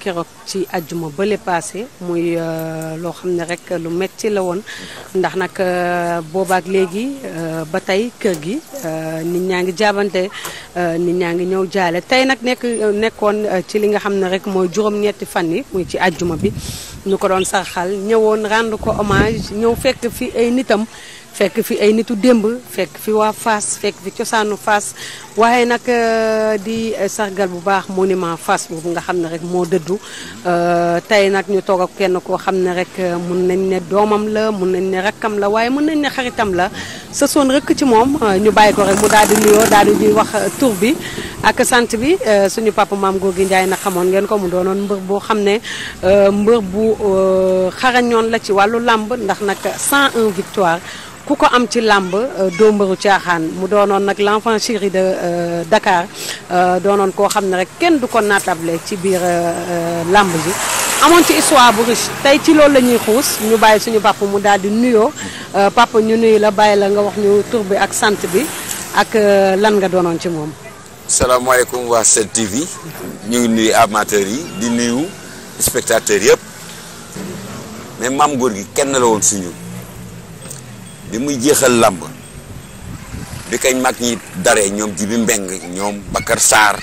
keroog ci àjjuma bële paase muy euh, loo xam ne rek lu metti la woon ndax nag euh, boobaak léegi euh, ba tey kër gi nit ñaa ngi jaabante nit ñaa ngi ñëw jaale tey nag nekk nekkoon ci li nga xam ne rek mooy juróom-ñetti fan yi muy ci ajjuma bi ñu ko doon sarxal ñëwoon rendre ko hommage ñëw fekk fi ay nitam fekk fi ay nitu démb fekk fi waa Fass fekk fi cosaanu Fass waaye nag euh, di euh, sargal bu baax monument Fass boobu nga xam ne rek moo dëddu euh, tey nag ñu toog ak kenn koo xam ne rek mun nañ ne doomam la mun nañ ne rakkam la waaye mun nañ ne xaritam la sa soon rëkk ci moom ñu bàyyi ko rek mu daal di nuyoo ñuy wax tur bi ak sant bi suñu papa maam Gorgui Ndiaye na xamoon ngeen ko mu doonoon mbër boo xam ne mbër bu xarañoon la ci wàllu làmb ndax nag 101 victoire ku ko am ci làmb doo mbëru caaxaan mu doonoon nag l'enfant Euh, Dakar euh, doonoon koo xam ne rek kenn du ko naatable ci biir euh, làmb ji amoon ci histoire bu riche tey ci loolu la ñuy xuus ñu bàyyi suñu papa mu daal di nuyoo papa ñu nuyu la bàyyi la nga wax ñu tur bi ak sant bi ak lan nga doonoon ci moom. salaamaaleykum waa 7TV ñu ngi nuyu amateurs yi di nuyu spectateurs yëpp mais maam góor gi kenn la woon suñu bi muy jéexal làmb bi koy mag ñi daree ñoom Jibi Mbeng ñoom Bakar Saar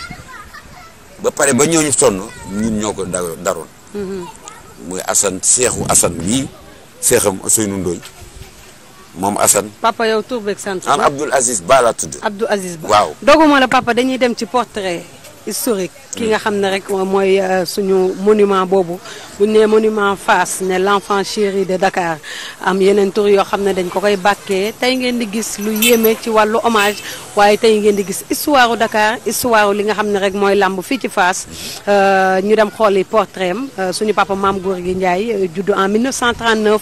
ba pare ba ñooñu sonn ñun ñoo ko daroon mm-hmm. muy Assane seexu Assane lii seexam Ousseynou Ndoye moom Assane. papa yow tur beeg sant. am Abdoul Aziz Ba laa tudd. Abdoul Aziz Ba waaw. doguma la papa dañuy dem ci portrait. historique ki nga xam ne rek mooy euh, suñu monument boobu bu ne monument Fass ne l'enfant chéri de Dakar am yeneen tur yoo xam ne dañ ko koy bàkkee tey ngeen di gis lu yéeme ci wàllu hommage waaye tey ngeen di gis histoire u Dakar histoire li nga xam ne rek mooy làmb fii ci Fass euh, ñu dem xooli portrait am euh, suñu papa Mame Gorgui njaay juddu en 1939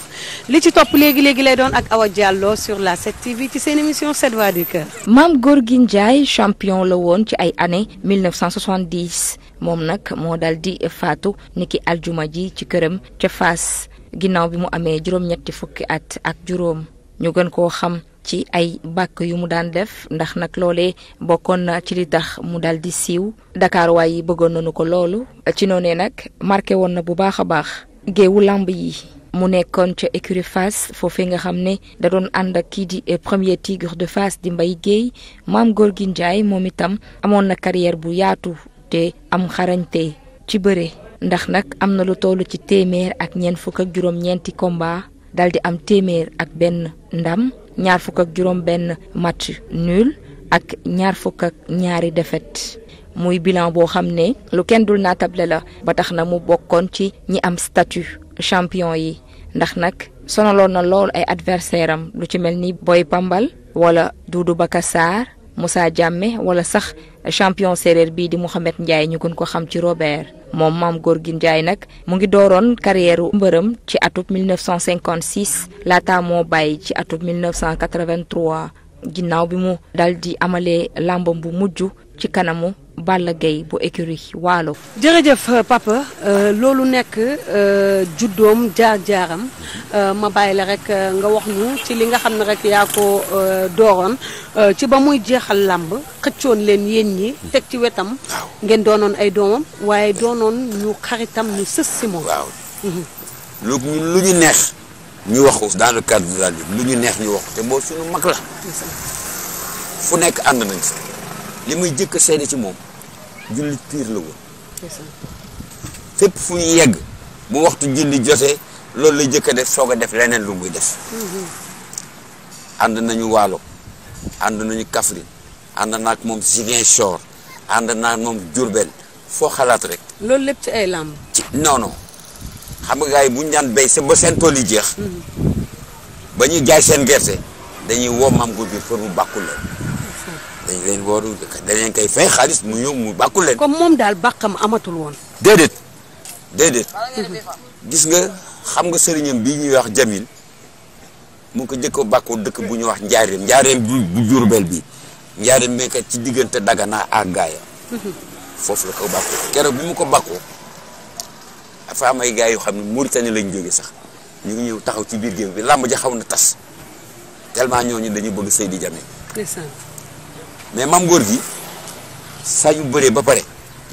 li ci topp léegi léegi lay doon ak Awa jàlloo sur la 7TV ci seen émission 7 va du cœur Mame Gorgui njaay champion la woon ci ay années 19 1970 moom nag moo daal di faatu niki aljuma ji ci këram ca fas ginnaaw bi mu amee juróom-ñetti fukki at ak juróom ñu gën koo xam ci ay bàkk yu mu daan def ndax nag loolee bokkoon na ci li tax mu daal di siiw ndakaaruwaay yi bëggoon nañu ko loolu ci noonee nag marqué woon na bu baax a baax géewu làmb yi. mu nekkoon ca écurie Fass foofee nga xam ne da doon ànd ak kii di eh, premier tigre de Fass di mbay Guèye maam Gorgui Ndiaye moom itam amoon na carrière bu yaatu te am xarañte ci bëre ndax nag am na lu toll ci téeméer ak ñeent fukk ak juróom-ñeenti combat dal di am téeméer ak benn ndam ñaar fukk ak match ak ñaar fukk ak ñaari défaite muy bilan boo xam ne lu kenn dul naatable la ba tax na mu bokkoon ci ñi am statu champion yi ndax nag sonaloon na lool ay adversaire am lu ci mel ni booy Pambal wala Doudou Baka Sarr jàmme Diame wala sax champion séeréer bii di Mouhamed Ndiaye ñu gën ko xam ci Robert moom maam gi njaay nag mu ngi dooroon carrièreu mbërëm ci atub 1956 laata moo bàyyi ci atub 1983 ginnaaw bi mu dal di amalee làmbam bu mujj ci kanamu Balla Gaye bu écurie Waalo. jërëjëf euh, papa euh, loolu nekk euh, juddoom jaar-jaaram ma bàyyi la rek nga wax ñu ci li nga xam ne rek yaa ko dooroon ci ba muy jeexal làmb xëccoon leen yéen ñi teg ci wetam. ngeen doonoon ay doomam waaye doonoon ñu xaritam ñu sës si mhm. lu ñu neex ñu wax ko dans le la lutte lu ñu neex ñu wax ko te boo suñu mag la. fu nekk ànd nañ si. li may jëkk a seede ci moom jullit piir la woon fépp fu yegg bu waxtu julli jotee loolu la jëkk a def soog a def leneen lu muy def mm-hmm. ànd nañu waalo ànd nañu Kaffrine ànd naag moom Ziguinchor ànd naag moom Diourbel foo xalaat rek loolu lépp ci ay làmb ci non xam nga gars yi bu ñu daan béy sa ba seen tool yi jeex mm-hmm. ba ñuy jaay seen gerte dañuy woo maam Gourdiou pour mu bàkkul leen dañ leen warul koy fay xaalis mu ñëw mu bàkkul leen. comme moom daal bàkkam amatul woon. déedéet gis nga xam nga sëriñam bii ñuy wax Jamil mun ko jëkk a bàkkoo dëkk bu ñuy wax Njaareem Njaareem bu Jurbel bi Njaareem bi kat ci diggante Dagana ak foofu la ko bàkkoo keroog bu mu ko bàkkoo dafa ay gars yoo xam ne Mauritanie lañ jóge sax ñu ngi ñëw taxaw ci biir géew bi làmb jaxaw na tas tellement ñooñu dañu bëgg Seydi Jamil. mais maam góor gi saa yu bëree ba pare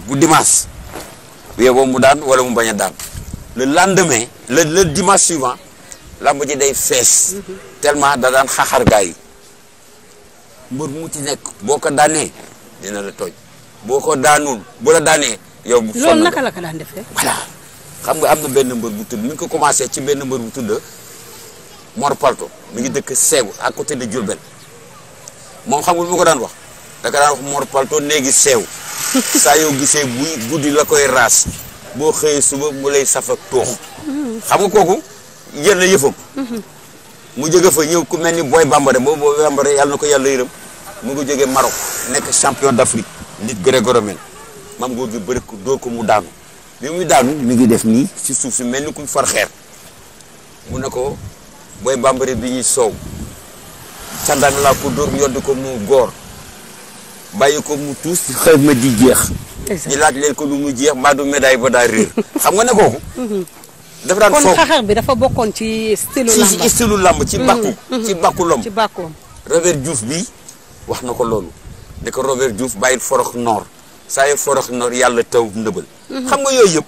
bu dimanche yóbboo mu daan wala mu bañ a daan le lendemain le le dimanche suivant lamb ji day fees mhm. tellement da daan xaxar gaa yi mbër mu ci nekk boo ko daanee dina la tooj boo ko daanul bu la daanee yow bu loolu naka la ko daan defee. voilà xam nga am na benn mbër bu tudd mi ngi ko commencé ci benn mbër bu tudd Mor Palto mu ngi dëkk Segu à côté de Diourbel moom xam nga lu ma ko daan wax da ka daan wax Mor Palto néegi seew saa yoo gisee buy guddi la koy raas boo xëyee suba mu lay saf ak toox xam nga kooku jër na yëfam mu jóge fa ñëw ku mel ni Boy Bambara boobu Boy Bambara yàlla na ko yàlla yërëm mu ngi jógee Maroc nekk champion d'Afrique nit grégoromène maam góor gi bëri ko dóor ko mu daanu bi muy daanu mi ngi def nii si suuf si mel ni kuñ far xeer mu ne ko Boy Bambara bi ñu soow candang laa ko dóor yodd ko mu góor bàyyi ko mu tuus xëy ma di jeex. ñu laaj leen ko lu mu jeex mbaa du médaille ba daal réer xam nga ne kooku. Mhm. dafa daan foog kon xaxar bi dafa bokkoon ci stylu làmb ci stylu mhm. làmb mhm. ci bàkku. ci bàkku lom bi wax na ko loolu ne ko Robert Diouf bàyyil forox noor saa yu forox noor yàlla taw ndëbal. xam nga yooyu yëpp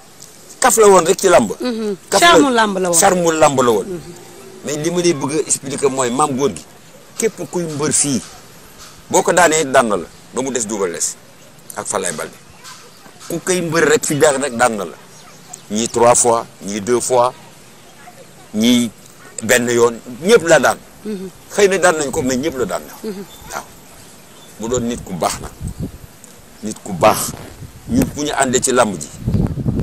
kaf la woon rek ci làmb. charmu làmb la woon charmu làmb la woon. mais li ma lay bëgg a expliquer mooy maam góor gi képp kuy mbër fii boo ko daanee daan la. ba des Double Less ak Falaye Balde ku koy mbër rek fi daan rek daan na la ñii trois fois ñii deux fois ñii benn yoon ñëpp la daan. xëy na daan nañ ko mais ñëpp la daan na. Mhm. waaw mu doon nit ku baax na nit ku baax ñun ku ñu àndee ci làmb ji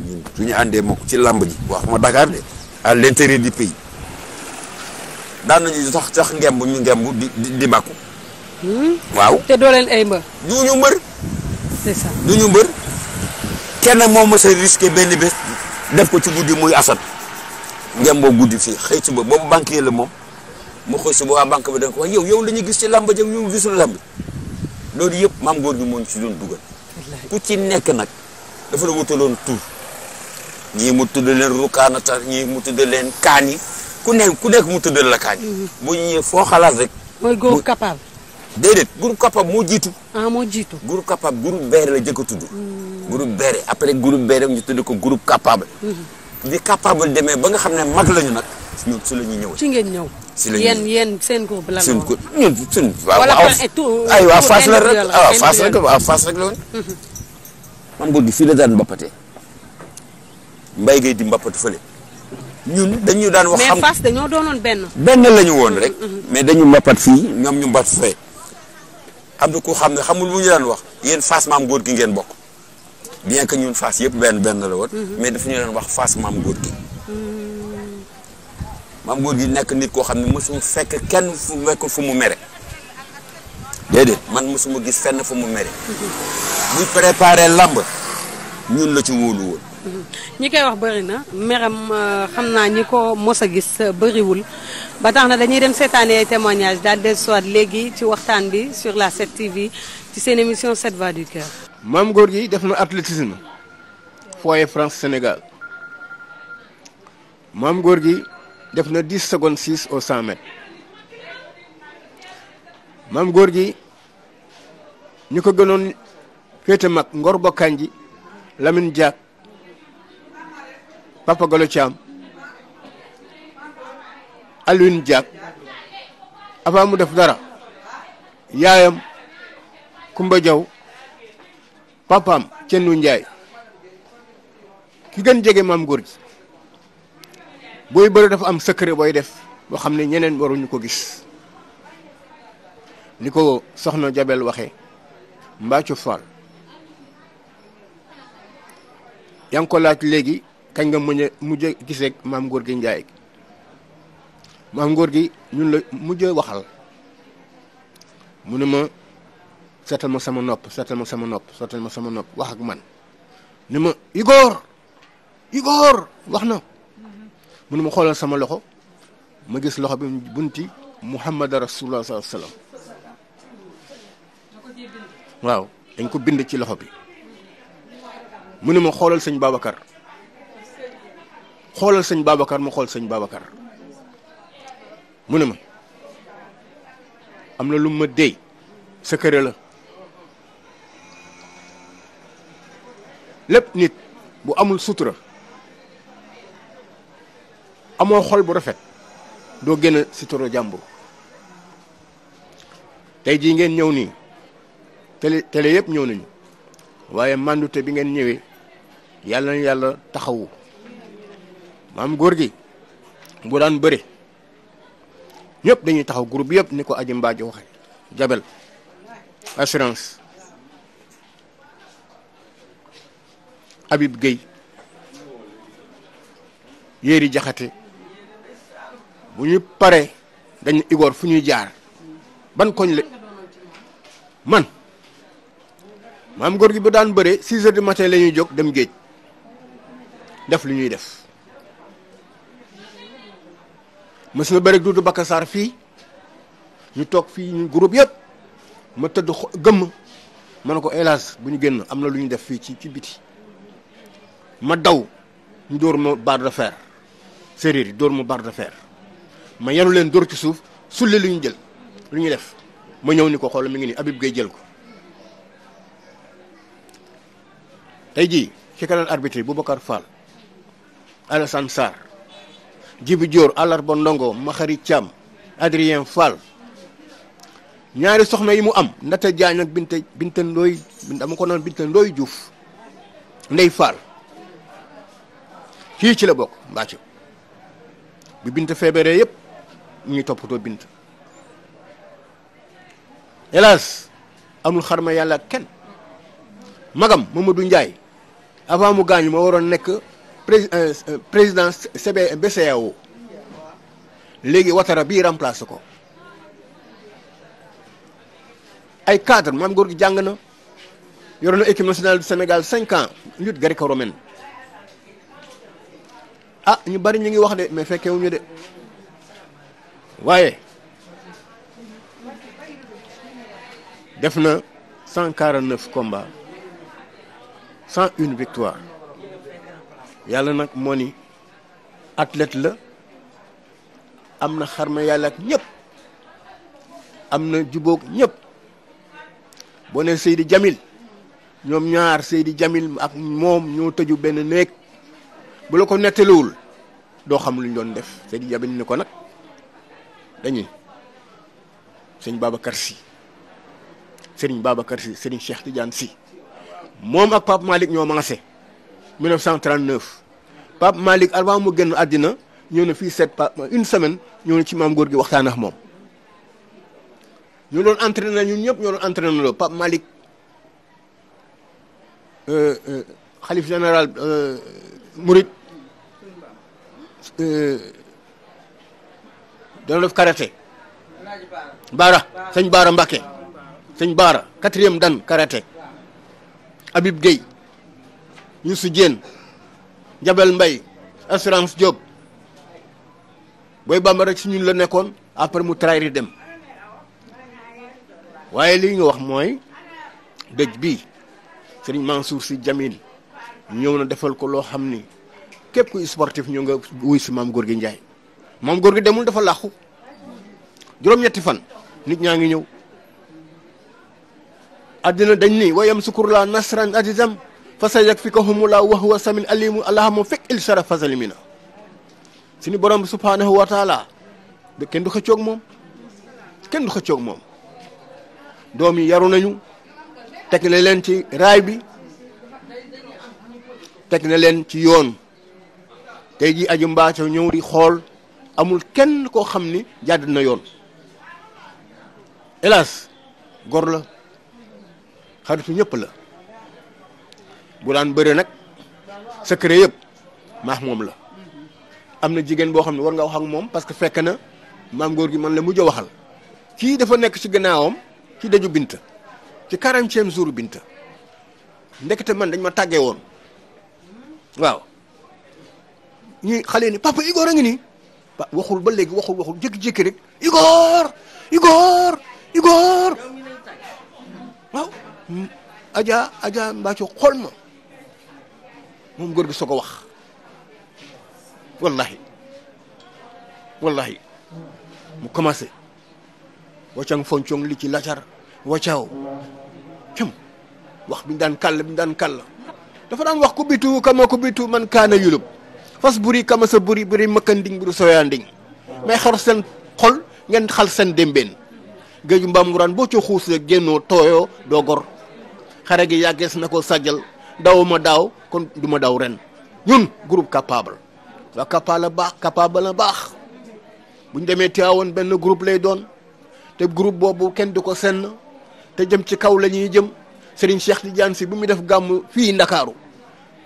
ñun su ñu àndee moom ci làmb ji wax ma Dakar de à l'intérieur du pays daan nañu sax sax ngemb ñu ngemb di di Hmm? waaw te doo ay mbër. du ñu mbër. c'est du ñu mbër. kenn moom ma a risqué benn bés. def ko ci guddi muy asat ngem boo guddi fii xëy suba boobu banquier la moom mu xëy suba waa banque bi da ko wax yow la ñuy gis ci làmb ja yow gisul làmb loolu yëpp maam góor gi moo ñu ci doon dugal. ku ci nekk nag dafa la wutaloon tur. ñii mu tudd leen rukaanata ñii mu tudd leen kaani ku nekk ku nekk mu tudd la kaani. Mm-hmm. bu ñëwee foo xalaat rek. déedéet groupe Kapab moo jiitu. ah moo jiitu. groupe Kapab groupe Beere la jëkk a tudd. groupe Beere après groupe Beere ñu tudd ko groupe capable. li mhm. capable demee ba nga xam ne mag lañu nag. ñun si la ñuy ñëw. ci ngeen ñëw. si la ñuy yéen yéen seen groupe la. seen groupe ñun suñ. wala ay waa Fass la rek ah Fass mhm. gi fii la daan mbappatee. mbay di mbappat fële. ñun dañuy daan wax. xam mais Fass dañoo doonoon benn. benn la ñu woon rek. Mhm, mais dañu mbappat fii ñoom ñu mbapat fee. am na ku xam ne xamul mu ñu daan wax yéen Fass maam góor gi ngeen bokk bien que ñun faas yëpp benn benn la woon. Mhm. mais dafa ñu daan wax Fass maam góor gi. maam góor gi nekk nit koo xam ne mosuma fekk kenn fu fekkul fu mu mere. déedéet man mosuma gis fenn fu mu mere. Mhm. buy préparé làmb ñun la ci wóolu ñi koy wax bëri na meram euh, xam naa ñi ko mos a gis euh, bëriwul ba tax na dañuy dem seetaani ay témoignages daal del soit léegi ci waxtaan bi sur la 7 TV ci seen émission 7 voix du cœur. maam góor gi def na athlétisme foyer France Sénégal maam góor gi def na 10 secondes 6 au 100 mètres góor gi ñu ko gënoon féete mag Ngor Bokkanji lamin Diak. Papa Golo Thiam Alioune Diak avant mu def dara yaayam Kumba Jaw papaam wu Njaay ki gën jege maam góor booy bëri dafa am secret booy def boo xam ne ñeneen waruñu ko gis ni ko soxna Jabel waxee Mbacco Fall yaa ko laaj léegi kañ nga mu mujj a giseeg maam góor gi Njaay maam góor gi ñun la mujj waxal mu ne ma seetal ma sama nopp seetal ma sama nopp seetal ma sama nopp wax ak man ni ma Igor Igor wax na mu ne ma xoolal sama loxo ma gis loxo bi bunti Muhammad Rasulullah sallallahu alayhi wasallam waaw dañ ko bind ci loxo bi mu ne ma xoolal sëñ Babacar xoolal sëñ Babacar ma xool sëñ Babacar mu ne ma am na lum ma dey sa këre la lépp nit bu amul sutura amoo xool bu rafet doo génn si toro jàmbur tey jii ngeen ñëw nii télé télé yëpp ñëw nañu waaye mandute bi ngeen ñëwee yàlla nañu yàlla taxawu maam góor gi bu daan bëri ñëpp dañuy taxaw group yëpp ni ko aji mbaaji waxe jabel assurance abib Gueye Yéri Jaxate bu ñu pare dañu igoor fu ñuy jaar ban koñ la man maam góor gi bu daan bëree six heures du matin la ñuy jog dem géej def lu ñuy def mës na bëreeg Doudou Bakka saar fii ñu toog fii ñu groupe yëpp ma tëdd gëmm ma ne ko hélas bu ñu génn am na lu ñu def fii ci ci biti ma daw ñu dóor ma barre de fer yi dóor ma barre de ma yanu leen dóor ci suuf sulle lu jël lu ñu def ma ñëw ni ko xool mi ngi ni abib Gueye jël ko tey jii ki ka daan arbitre Boubacar Fall Alassane Jibi Dior àllarba Ndongo Maxari Thiam Adrien Fall ñaari soxna yi mu am Ndata Diagne ak Binte Binte Ndoy dama ko naan Binte Ndoy kii ci la bokk mbàcc bi Binte feebaree yëpp ñu ngi toppatoo bint hélas amul xarma yàlla kenn magam Mamadou njaay avant mu gaañu ma waroon nekk. Euh, euh, président CB BCEAO léegi Ouattara bii remplacé ko ay cadre maam gu gi jàng na yore na équipe nationale du Sénégal cinq ans lutte gréco-romaine ah ñu bari ñu ngi wax de mais fekkewuñu de waaye def na cent quarante neuf combats cent une victoire yàlla nag moo ni athlète la am na xarma yàlla ak ñëpp am na jubóog ñépp boo ne Seydi Jamil ñoom ñaar Seydi Jamil ak moom ñoo tëju benn néeg bu la ko nettaliwul doo xam luñ doon def Seydi Jamil ni ko nag dañuy sëñ Babacar Sy sëriñ Babacar Sy sëriñ Cheikh Tidiane Sy moom ak Pape Malick ñoo maase 1939 Pape Malick avant mu génn àddina ñëw na fii seet Pape une semaine ñoo na ci maam góor gi waxtaan ak moom. ñu doon entraîné ñun ñëpp ñoo doon entraîné loo Pape Malick euh, euh, xalif général euh, Murit dana def karaté Baara sëñ Baara Mbacké sëñ Baara quatrième dan karaté Habib Gueye. Youssou Dieng Jabel mbay assurance jog booy bamba si ñun la nekkoon après mu trahir dem waaye li nga wax mooy dëj bi sëriñ Mansour si Jamil ñëw na defal ko loo xam ni képp ku sportif ñëw nga wuy si maam góor gi Njaay maam góor gi demul dafa làqu juróom-ñetti fan nit ñaa ngi ñëw àddina dañ ni wayam sukur la nasran azizam fa sa laa wax huwa samin alimu allahumma fi'il shara fasalimina suñu borom bi subhaanahu wa taala kenn du xëccoog moom kenn du xëccoog moom doom yi yaru nañu teg leen ci raay bi teg na leen ci yoon tey jii aju mbaaco ñëw di xool amul kenn koo xam ni jàdd na yoon hélas gor la xaritu ñëpp la bu daan bëre nag secret yëpp maax moom la am na jigéen boo xam ne war nga wax moom parce que fekk na maam góor gi man la mujj a waxal kii dafa nekk ci gannaawam ci daju Binta ci quarantième jour Binta ndekete man dañ ma tàggee woon waaw ñi xale ni papa Igor a nii waxul ba léegi waxul waxul jékki-jékki rek Igor Igor Igor waaw Adja Adja Mbacco xool ma moom góor gi soo ko wax wallahi wallahi mu commencé waccang foncong li ci lacar waccaw cam wax bi ñu daan kàll bi ñu daan kàll dafa daan wax ku bitu kama ku bitu man kaana yulub fas buri kama sa buri buri mëkkanding buru soyaanding may xar seen xol ngeen xal seen démbeen géeju mbaam nguraan boo ca xuus rek génnoo tooyoo doo gor xare gi yàggees na ko sàjjal dawuma daaw kon du ma daw ren ñun groupe capable waa capable la baax capable baax bu ñu demee Tiwaawoon benn groupe lay doon te groupe boobu kenn du ko senn te jëm ci kaw la ñuy jëm Serigne Cheikh Tidiane si bu muy def gàmmu fii Ndakaaru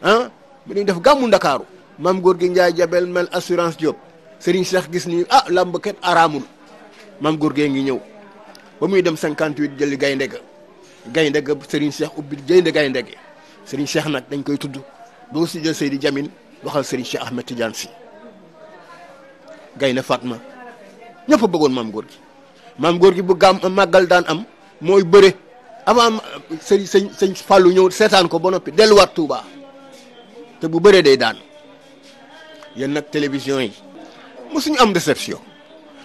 ah mu ñuy def gàmmu Ndakaaru maam góor gi Ndiaye Jabel mel assurance Diop Serigne Cheikh gis ni ah làmb kat araamul maam góor gee ngi ñëw ba muy dem 58 jëli gaynde ga gaynde ga Serigne Cheikh ubbi gaynde gaynde gi Serigne Cheikh nag dañ koy tudd boo si jël Seydi Jamin waxal Serigne Cheikh Ahmed Tidiane si Gaynde faatma ñëpp bëggoon maam góor gi maam góor gi bu gaam màggal daan am mooy bëre avant sëñ sëñ sëñ Fallou ñëw seetaan ko ba noppi delluwaat Touba te bu bëree day daan yéen nag télévision yi mosuñu am déception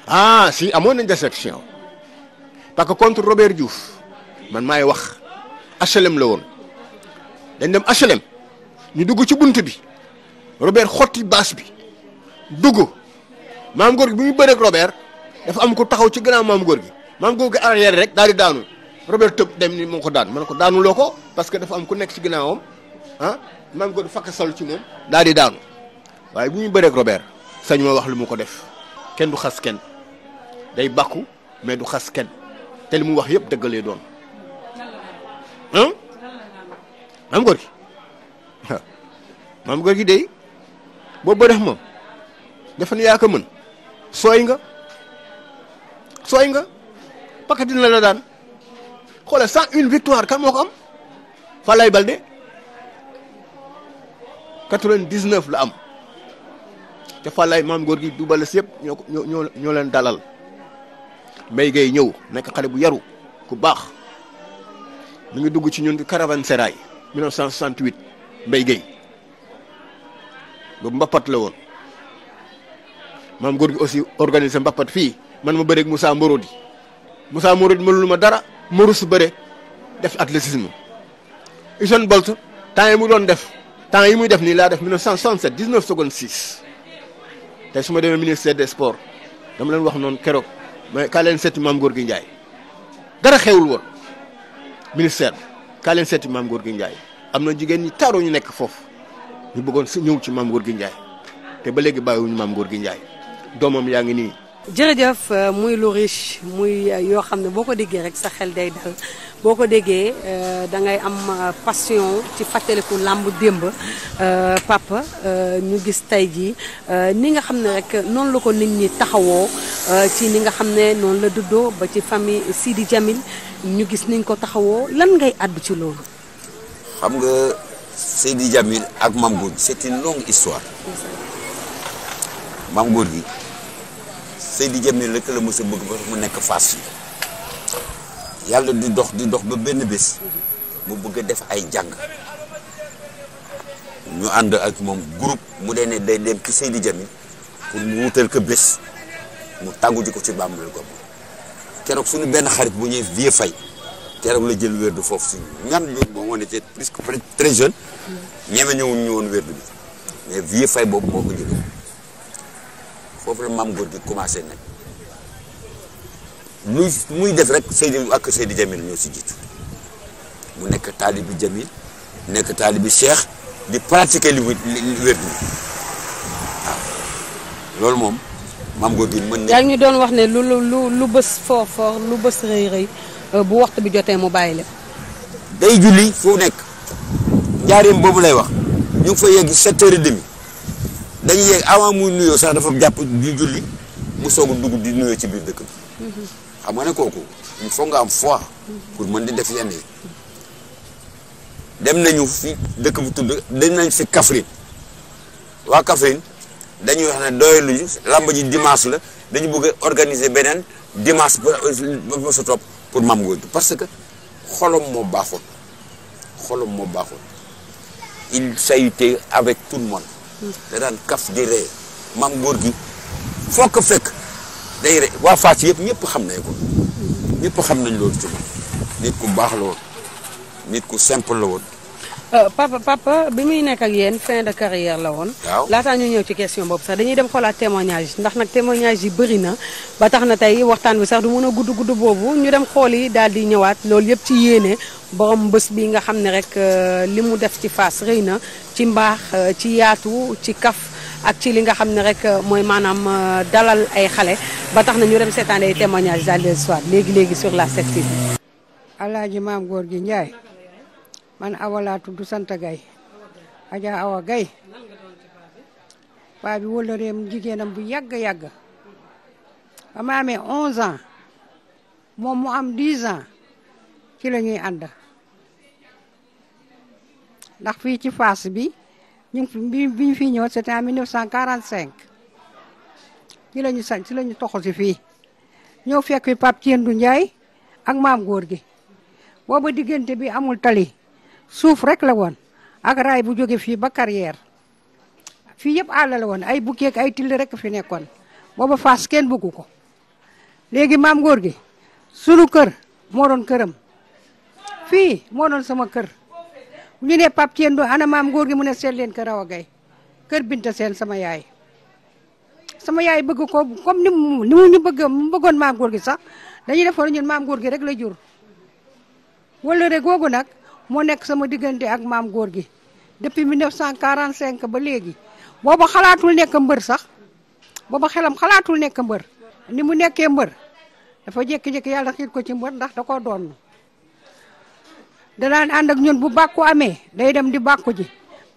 ah si amoon nañ déception parce que contre Robert Diouf man maay wax HLM la woon. dañ dem HLM ñu dugg ci bunt bi Robert xotti baas bi dugg maam góor gi bu ñu bëreeg Robert dafa am ko taxaw ci gannaaw maam góor gi maam góor gi arrière rek daal di daanu Robert tëb dem ni moo ko daan man ko daanu loo ko parce que dafa am ku nekk ci gannaawam ah maam góor gi fakk salu ci moom daal di daanu waaye bu ñu bëreeg Robert sañ ma wax lu mu ko def kenn du xas kenn day bàkku mais du xas kenn te li mu wax yëpp dëggalee doon maam góor gi waaw maam góor gi day boobu ba def moom dafa ne mën sooy nga sooy nga pakati na la daan xoolal cent une victoire kan moo ko am Falaye Balde quatre vingt dix la am ca falaay maam góor gi du balas yëpp ñoo ñoo leen dalal Mbaye Guèye ñëw nekk xale bu yaru ku baax mu ngi dugg ci ñun di Caravansérail 1968 Mbaye Guèye boobu mbappat la woon maam góor gi aussi organisé mbappat fii man ma bëreeg Moussa Morodi Moussa Morodi mënul ma dara Morus bëre def athlétisme Usain Bolt temps yi mu doon def temps yi muy def nii laa def 1967 19 secondes 6 tey su ma demee ministère des sports dama leen wax noon keroog mais kaa set seeti maam góor gi Ndiaye dara xewul woon ministère kaa leen seeti maam gi Ndiaye am na jigéen ñi taaroo ñu nekk foofu ñu bëggoon si ñëw ci maam góor gi Ndiaye te ba léegi bàyyiwuñu maam góor gi Ndiaye doomam yaa ngi nii. jërëjëf euh, muy lu riche muy euh, yoo xam ne boo ko déggee rek sa xel day dal. boo ko déggee euh, da ngay am euh, passion ci fàttaliku làmb démb euh, papa ñu gis tey jii ni nga xam ne rek noonu la ko nit ñi taxawoo ci ni nga xam ne noonu la duddoo ba ci sii di Jamil ñu gis niñ ko taxawoo lan ngay àddu ci loolu. xam nga Sidi Jamil ak Mame Goor gi c'est une longue histoire. Mame Goor gi Sidi Jamil rek la mos a bëgg ba mu nekk Fass. yàlla di dox di dox ba benn bis mu bëgg a def ay njàng ñu ànd ak moom groupe mu dee ne day dem ci Seydi Jami pour mu wutal ko bés mu tàggu ji ko ci bàmbalu ko keroog suñu benn xarit bu ñuy vie fay keroog la jël wérdu foofu suñu ñan ñun moom on était presque très jeune ñeme ñu woon wérdu bi mais vie fay boobu moo ko jëloon foofu la maam góor gi commencé nag muy muy def rek Seydi ak Seydi Jamil ñoo si jiitu mu nekk taalibi Jamil nekk taalibi Cheikh di pratiquer li muy loolu moom maam góor gi mën na. yaa ngi doon wax ne lu lu lu bës foor foor lu bës rëy rëy euh, bu waxtu bi jotee mu bàyyi lépp. day julli fu nekk njaareem boobu lay wax ñu fa yegg sept heures et demi dañuy yegg avant muy nuyoo sax dafa jàpp di julli mu soog a dugg di nuyoo ci biir dëkk bi. xam nga ne kooku i faut nga am foi pour mën di def yenn yi dem nañu fi dëkk bu tudd dem nañ fi Kaffrine waa Kaffrine dañuy wax ne doyaluñu làmb ji dimanche la dañu bëgg a organiser beneen dimanche ba ba sa topp pour Mame Goor gi parce que xolom moo baaxoon xolom moo baaxoon il s'agitait avec tout le monde da mm. daan kaf di ree Mame Goor gi foo ko fekk day re waa Fass yëpp ñëpp xam nañ ko ñëpp xam nañ loolu ci nit ku baax la woon nit ku simple la woon. Euh, papa papa bi muy nekk ak yéen fin de carrière la woon. waaw laataa ñu ñëw ci question boobu sax dañuy dem xoolaat témoignage ndax nag témoignage yi bari na ba tax na tey waxtaan bi sax du mën a gudd gudd boobu ñu dem xool yi daal di ñëwaat loolu yëpp ci yéene borom mbës bi nga xam ne rek euh, li mu def ci Fass rëy na ci mbaax euh, ci yaatu ci kaf ak ci li nga xam ne rek euh, mooy maanaam euh, dalal ay xale ba tax na ñu dem seetaan ay témoignages dans les soirs léegi léegi sur la 7TV. alaaji maam góor gi Ndiaye man Awa laa tudd sant Gaye Adja Awa Gaye paa bi wëllëreem jigéenam bu yàgg yàgg ba ma amee ans moom mu am 10 ans ci la ñuy ànd ndax fii ci Fass bi. ñu ngi bi ñu fi ñëw c'était en 1945 ci la ñu sañ ci la ñu toxu si fii ñëw fekk fi Pape Thiendou Ndiaye ak maam góor gi booba diggante bi amul tali suuf rek la woon ak raay bu jóge fii ba carrière fii yëpp àll la woon ay bukkeek ay till rek fi nekkoon ba faas kenn bëggu ko léegi maam góor gi sunu kër moo doon këram fii moo doon sama kër ñu ne Pape Thiène do ana maam góor gi mu ne seet leen kër Awa Gaye kër Binta Sène sama yaay sama yaay bëgg ko comme ni mu ni ñu bëgg mu bëggoon maam góor gi sax dañuy defoon ñun maam góor gi rek la jur wala rek googu nag moo nekk sama diggante ak maam góor gi depuis 1945 ba léegi booba xalaatul nekk mbër sax booba xelam xalaatul nekk mbër ni mu nekkee mbër dafa jékki-jékki yàlla xiir ko ci mbër ndax da koo doon da daan ànd ak ñun bu bàkku amee day dem di bàkku ji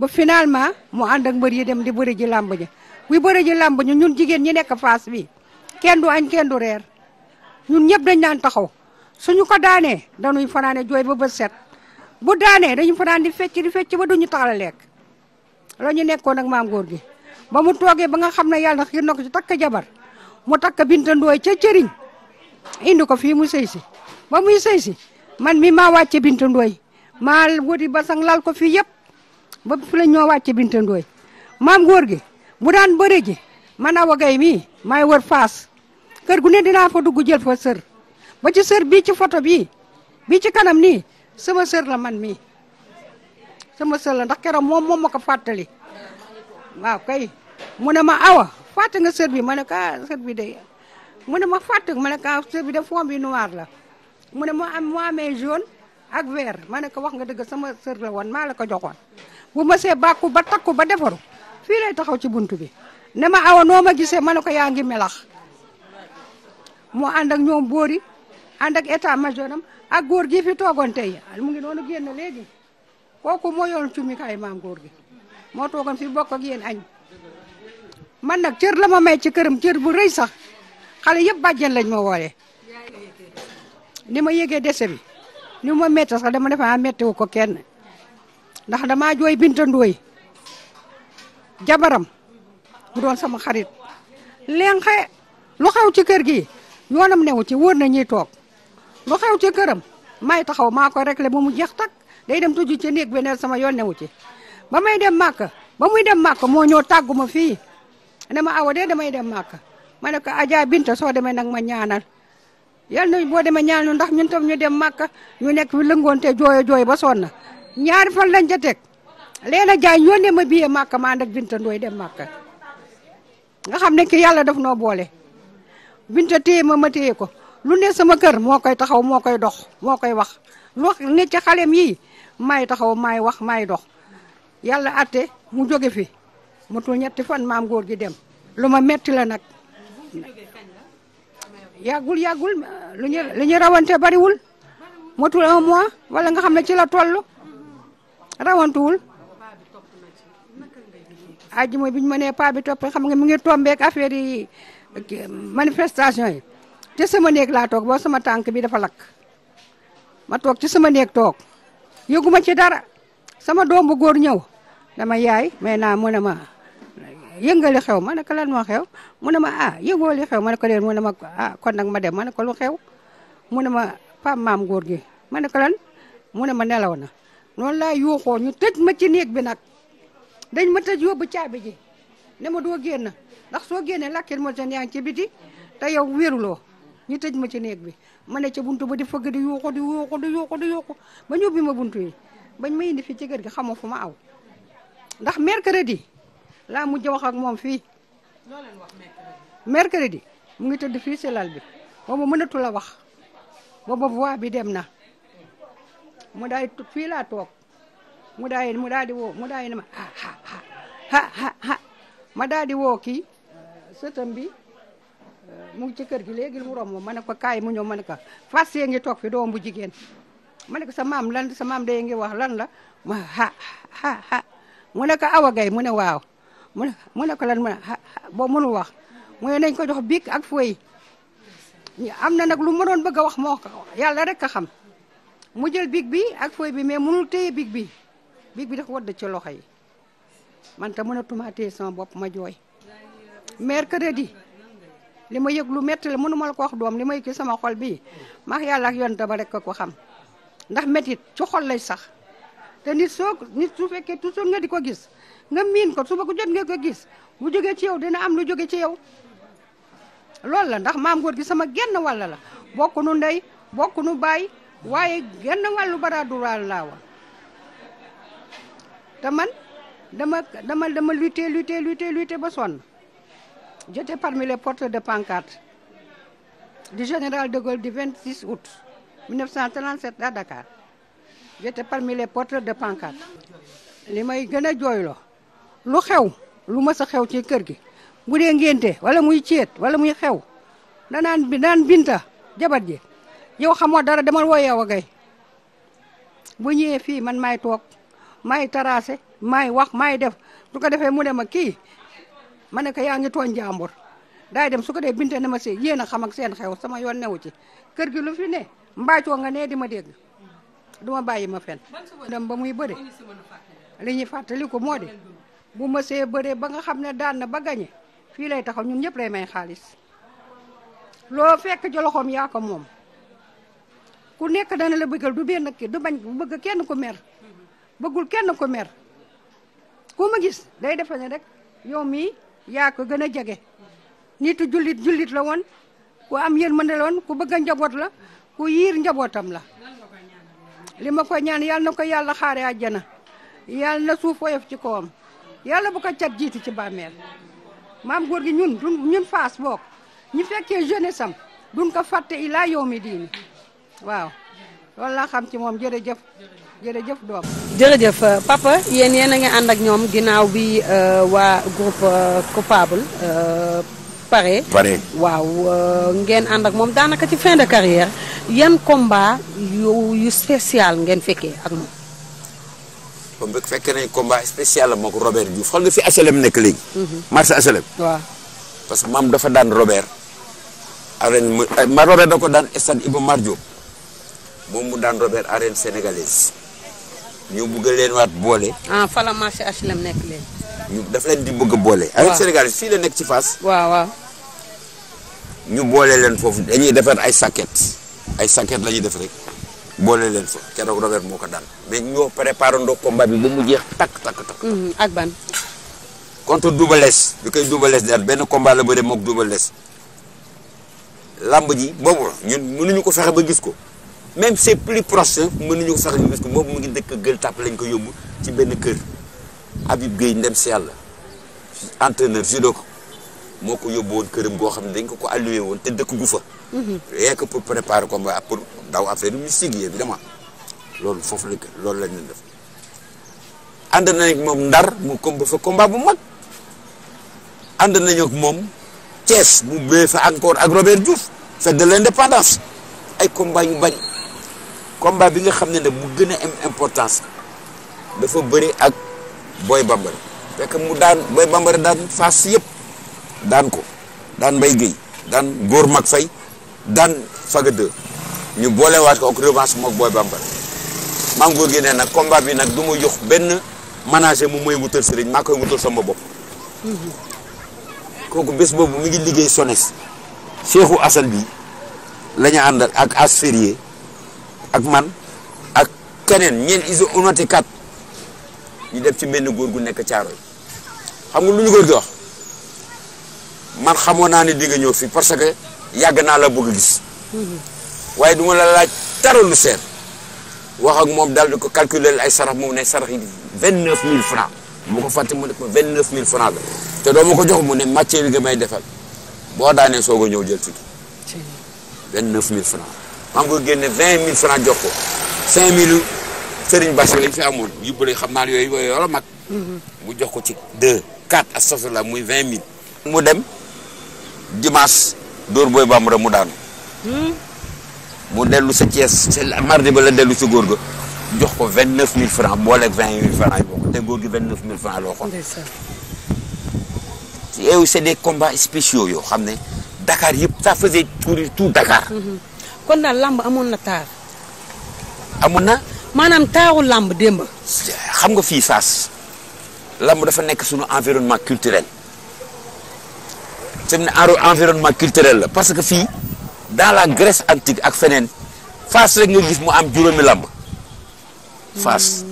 ba finalement mu ànd ak mbër yi dem di bëri ji làmb ji bu bëri ji làmb ji ñun jigéen ñi nekk face bi kenn du añ kenn du reer ñun ñëpp dañ daan taxaw suñu ko daanee dañuy fanaane jooy ba ba set bu daanee dañu fanaan di fecc di fecc ba duñu taxala lekk la ñu nekkoon ak maam góor gi ba mu toogee ba nga xam ne yàlla xiir na ko ci takk jabar mu takk bintandooy ca cëriñ indi ko fii mu sëy si ba muy sëy si man mi maa wàcce Binta Ndoye maa wuti basang lal ko fii yëpp ba fi la ñoo wàcce Binta Ndoye maam góor gi bu daan bëre ji man Awa Gaye mii maay wër faas kër gu ne dinaa fa dugg jël fa sër ba ci sër bii ci photo bii bii ci kanam nii sama sër la man mii sama sër la ndax keroog moom ma ko fàttali waaw kay mu ne ma awa fàtte nga sër bi ma ne ka ah, sër bi de mu ne ma fàtte ma ne ka ah, sër bi de fond bi noir la mu ne moo am moo amee jaune ak vert ma ne ko wax nga dëgg sama sër la woon maa la ko joxoon bu ma see bàkku ba takku ba defaru fii lay taxaw ci buntu bi ne ma awa noo ma gisee ma ne ko yaa ngi melax moo ànd ak ñoom boori ànd ak état major am ak góor gi fi toogoon tey mu ngi noonu génn léegi kooku moo yoon cumi kaay maam góor gi moo toogoon fi bokk ak yéen añ man nag cër la ma may ci këram cër bu rëy sax xale yëpp bàjjen lañ ma woolee ni ma yëgee dese bi ni ma métti sax dama defe a ah, méttiwu ko kenn ndax damaa jooy Binta ndooy jabaram bu doon sama xarit lenxe lu xaw ci kër gi yoonam newu ci wóor na ñuy toog lu xaw ci këram may taxaw maa ko réglé ba mu jeex tak day dem tuju ci néeg bi ne sama yoon newu ci ba may dem màkk ba muy dem màkk moo ñëw tàggu ma fii ne ma awa de damay dem màkk ma ne ko Adja Binta soo demee nag ma ñaanal yal na boo demee ñaanu ndax ñun tam ñu dem Màkka ñu nekk fi lëngoonte jooyo jooy ba soon na ñaari fan lañ ca teg Leena Jaañ yónnee ma billet Màkka ma ànd ak Binta Ndooy dem Màkka nga xam ne ki yàlla def noo boole Binta téye ma ma téye ko lu nekk sama kër moo koy taxaw moo koy dox moo koy wax lu wax ne ci xalem yii maay taxaw maay wax maay dox yàlla atte mu jóge fi mu ñetti fan maam góor gi dem lu ma metti la nag yàggul yàggul lu ñu lu ñu rawante bariwul motul un mois wala nga xam ne ci la toll rawantuwul ajjuma bi ñu mënee paa bi topp xam nga mu ngi tombeek affaire yi manifestation yi te sama néeg ba sama tànk bi dafa lakk ma toog ci sama néeg toog yëguma ci dara sama doom bu góor ñëw dama yaay may naa mu ne ma yëngali xew ma ne ko lan moo xew mu ne ma a ah, yëngoo li xew ma ne ko leen mu ne ma ah kon nag ma dem ma ne ko lu mu ne ma pam maam góor gi ma ne ko mu ne ma nelaw na noonu la yuuxoo ñu tëj ma ci néeg bi nag dañ ma tëj yóbbu caabi ji ne ma doo génn ndax soo génnee lakkit mo seen yaa ngi ci biti te yow wéruloo ñu tëj ma ci néeg bi ma ne ca buntu ba di fëgg di yuuxu di yuuxu di yuuxu di yuuxu ba ñu ubbi ma buntu yi bañ ma indi fi ci kër gi xamoo fu ma aw ndax di laa mujj wax ak moom fii mercredi mu ngi tëdd fii si lal bi booba a la wax booba voix bi dem na mu daay fii laa toog mu daay mu daal woo daay ma ah ah ah ah ma daal di woo kii sëtam bi euh, mu ci kër gi léegi mu romb ma ne ko kaay mu ñëw ma ne ko fas yee ngi toog fi doom bu jigéen ma ne ko sa maam lan sa maam day ngi wax lan la ma ha ha ha mu ne ko Awa Gaye mu ne waaw mu ne mu ne ko lan mën a boo mënul wax mu ne nañ ko jox biig ak fooy am na nag lu mënoon bëgg a wax moo ko yàlla rek a xam mu jël biig bi ak fooy bi mais mënul téye biig bi biig bi dafa wadd ci loxo yi man te mënatuma téye sama bopp ma jooy mercredi li ma yëg lu métti la mënu ma ko wax doom li ma yëg ci sama xol bi maax yàlla ak yonte ba a ko xam ndax métit ci xol lay sax te nit soo nit su fekkee toujours nga di ko gis nga miin ko suba ko jot nga ko gis bu jogee ci yow dina am lu jóge ci yow loolu la ndax maam góor gi sama genn walla la bokk nu ndey bokk nu baay waaye genn wàllu baraaduraal laa woon te man dama dama dama lutter lutter lutter lutter ba sonn j'étais parmi les porteurs de pancarte du général de Gaulle du 26 août 1937 à Dakar j'étais parmi les porteurs de pancarte li may gën a jooyloo lu xew lu mës a xew ci kër gi bu dee ngénte wala muy ceet wala muy xew danaan bi naan binta jabat ji yow xamoo dara demal woo yew a gay bu ñëwee fii man maay toog maay taraase maay wax maay def su ko defee mu ne ma kii ma nekk yaa ngi tooñ jàmbur daay dem su ko dee binte ne ma see yéen a xam ak seen xew sama yoon newu ci kër gi lu fi ne mbaacoo nga nee di ma dégg du ma bàyyi ma fen dem ba muy bëre li ñuy fàttali ko moo di bu mësee bëree ba nga xam ne daan na ba gañe fii lay taxaw ñun ñëpp lay may xaalis loo fekk ci yaa ko moom ku nekk dana la bëggal du benn ki du bañ bu bëgg kenn ko mer bëggul kenn ko mer ku ma gis day defe ne rek yow mii yaa ko gën a jege nitu jullit jullit la woon ku am mën la woon ku bëgg njaboot la ku yiir njabootam la li ma ko ñaan yàlla na ko yàlla xaare àjjana yàlla na suuf ci kawam yàlla bu ko cat jiitu ci bàmmeel maam góor gi ñun ñun faas boog ñu fekkee jeunesse am duñ ko fàtte ilaa yow mi diini waaw loolu laa xam ci moom jërëjëf jërëjëf doom jërëjëf euh, papa yéen yéen a ngi ànd ak ñoom ginnaaw bi euh, waa groupe euh, coupable pare waaw ngeen ànd ak moom daanaka ci fin de carrière yan combat yu yu spécial ngeen fekkee ak moom comme rek fekk nañ combat spécial la moog Robert Diouf xool nga fi HLM nekk léegi. Mhm. marché HLM. waaw parce que maam dafa daan Robert. arène eh, ma Robert da ko daan stade Iba Mar Diop moom mu daan Robert arène sénégalaise ñu bëgg leen waat boole. ah fa la marché HLM nekk léegi. ñu daf leen di bëgg a boole. waaw arène fii la nekk ci Fass. waaw ñu boole leen foofu dañuy defar ay saket ay saket la ñuy def rek. boole leen fa keroog Robert moo ko daan mais ñoo préparé ndoo combat bi ba mu jeex takk takk takk. Mhm, ak ban. contre Double Less bi koy Double Less benn combat la bëre moog Double Less ji boobu ñun mënuñu ko fexe ba gis ko même c'est plus proche mënuñu ko fexe ba gis ko boobu mu ngi dëkk gël tàpp lañ ko yóbbu ci benn kër Habib Gueye ndem si yàlla entraîneur judo ko moo ko yóbbu woon këram goo xam ne dañ ko ko alloué woon te dëkk gu fa. Mhm. rien que pour préparer combat pour daw affaire mystique yi évidemment loolu foofu la loolu lañ leen moom ndar mu comme fa combat bu mag ànd moom Thiès mu bee fa encore ak Robert Diouf fête de l'indépendance ay combat yu bari bi nga xam ne nag a importance dafa bëri ak Boy Bambara fekk mu daan Boy Bambara daan fas yëpp. daan ko daan Mbaye Guèye daan góor mag fay daan faga deux ñu boolewaat ko ak revanche mook booy bambara maam góor gi nee nag combat bi nag du ma jox benn manager mu mooy wutal sëriñ maa koy wutal sama bopp kooku bés boobu mu ngi liggéey sones Cheikhou Assane bi la ñu àndal ak asférié ak man ak keneen ñeen iso unoté kat ñu def ci benn góor gu nekk caaroy xam nga lu ñu góor gi wax man xamoo naa ne di nga ñëw fii parce que yàgg naa la bëgg gis. waaye du ma la laaj dara lu seer wax ak moom daal di ko calculer ay sarax moom ne sarax yi vingt neuf mille mu ko fàtte mu ne ko vingt neuf mille franc la te doo ma ko jox mu ne matière nga may defal boo daanee soog a ñëw jël ci. vingt neuf mille franc maa ngi génne vingt mille franc jox ko cinq mille Serigne Bass lañ fi amoon yu bëri xam naa yooyu yooyu la mag. Mhm. mu jox ko ci deux quatre astafurlah muy vingt mille. mu dem. dimanche dóor booy bambara mu daanu. Hmm? mu dellu sa Thiès ca mardi ba la dellu sa góor ga jox ko vingt neuf mille franc booleeg vingt mille franc yi te góor gi vingt neuf mille franc loo xool. yooyu c'est des combats spéciaux yoo xam ne Dakar yëpp ça faisait courir tout Dakar. Hmm. kon daal làmb amoon na taar. amoon na. maanaam taaru làmb démb. xam nga fii Fass làmb dafa nekk suñu environnement culturel. seen environnement culturel la parce que fii dans la Grèce antique ak feneen Fass rek nga gis mu am juróomi lamb Fass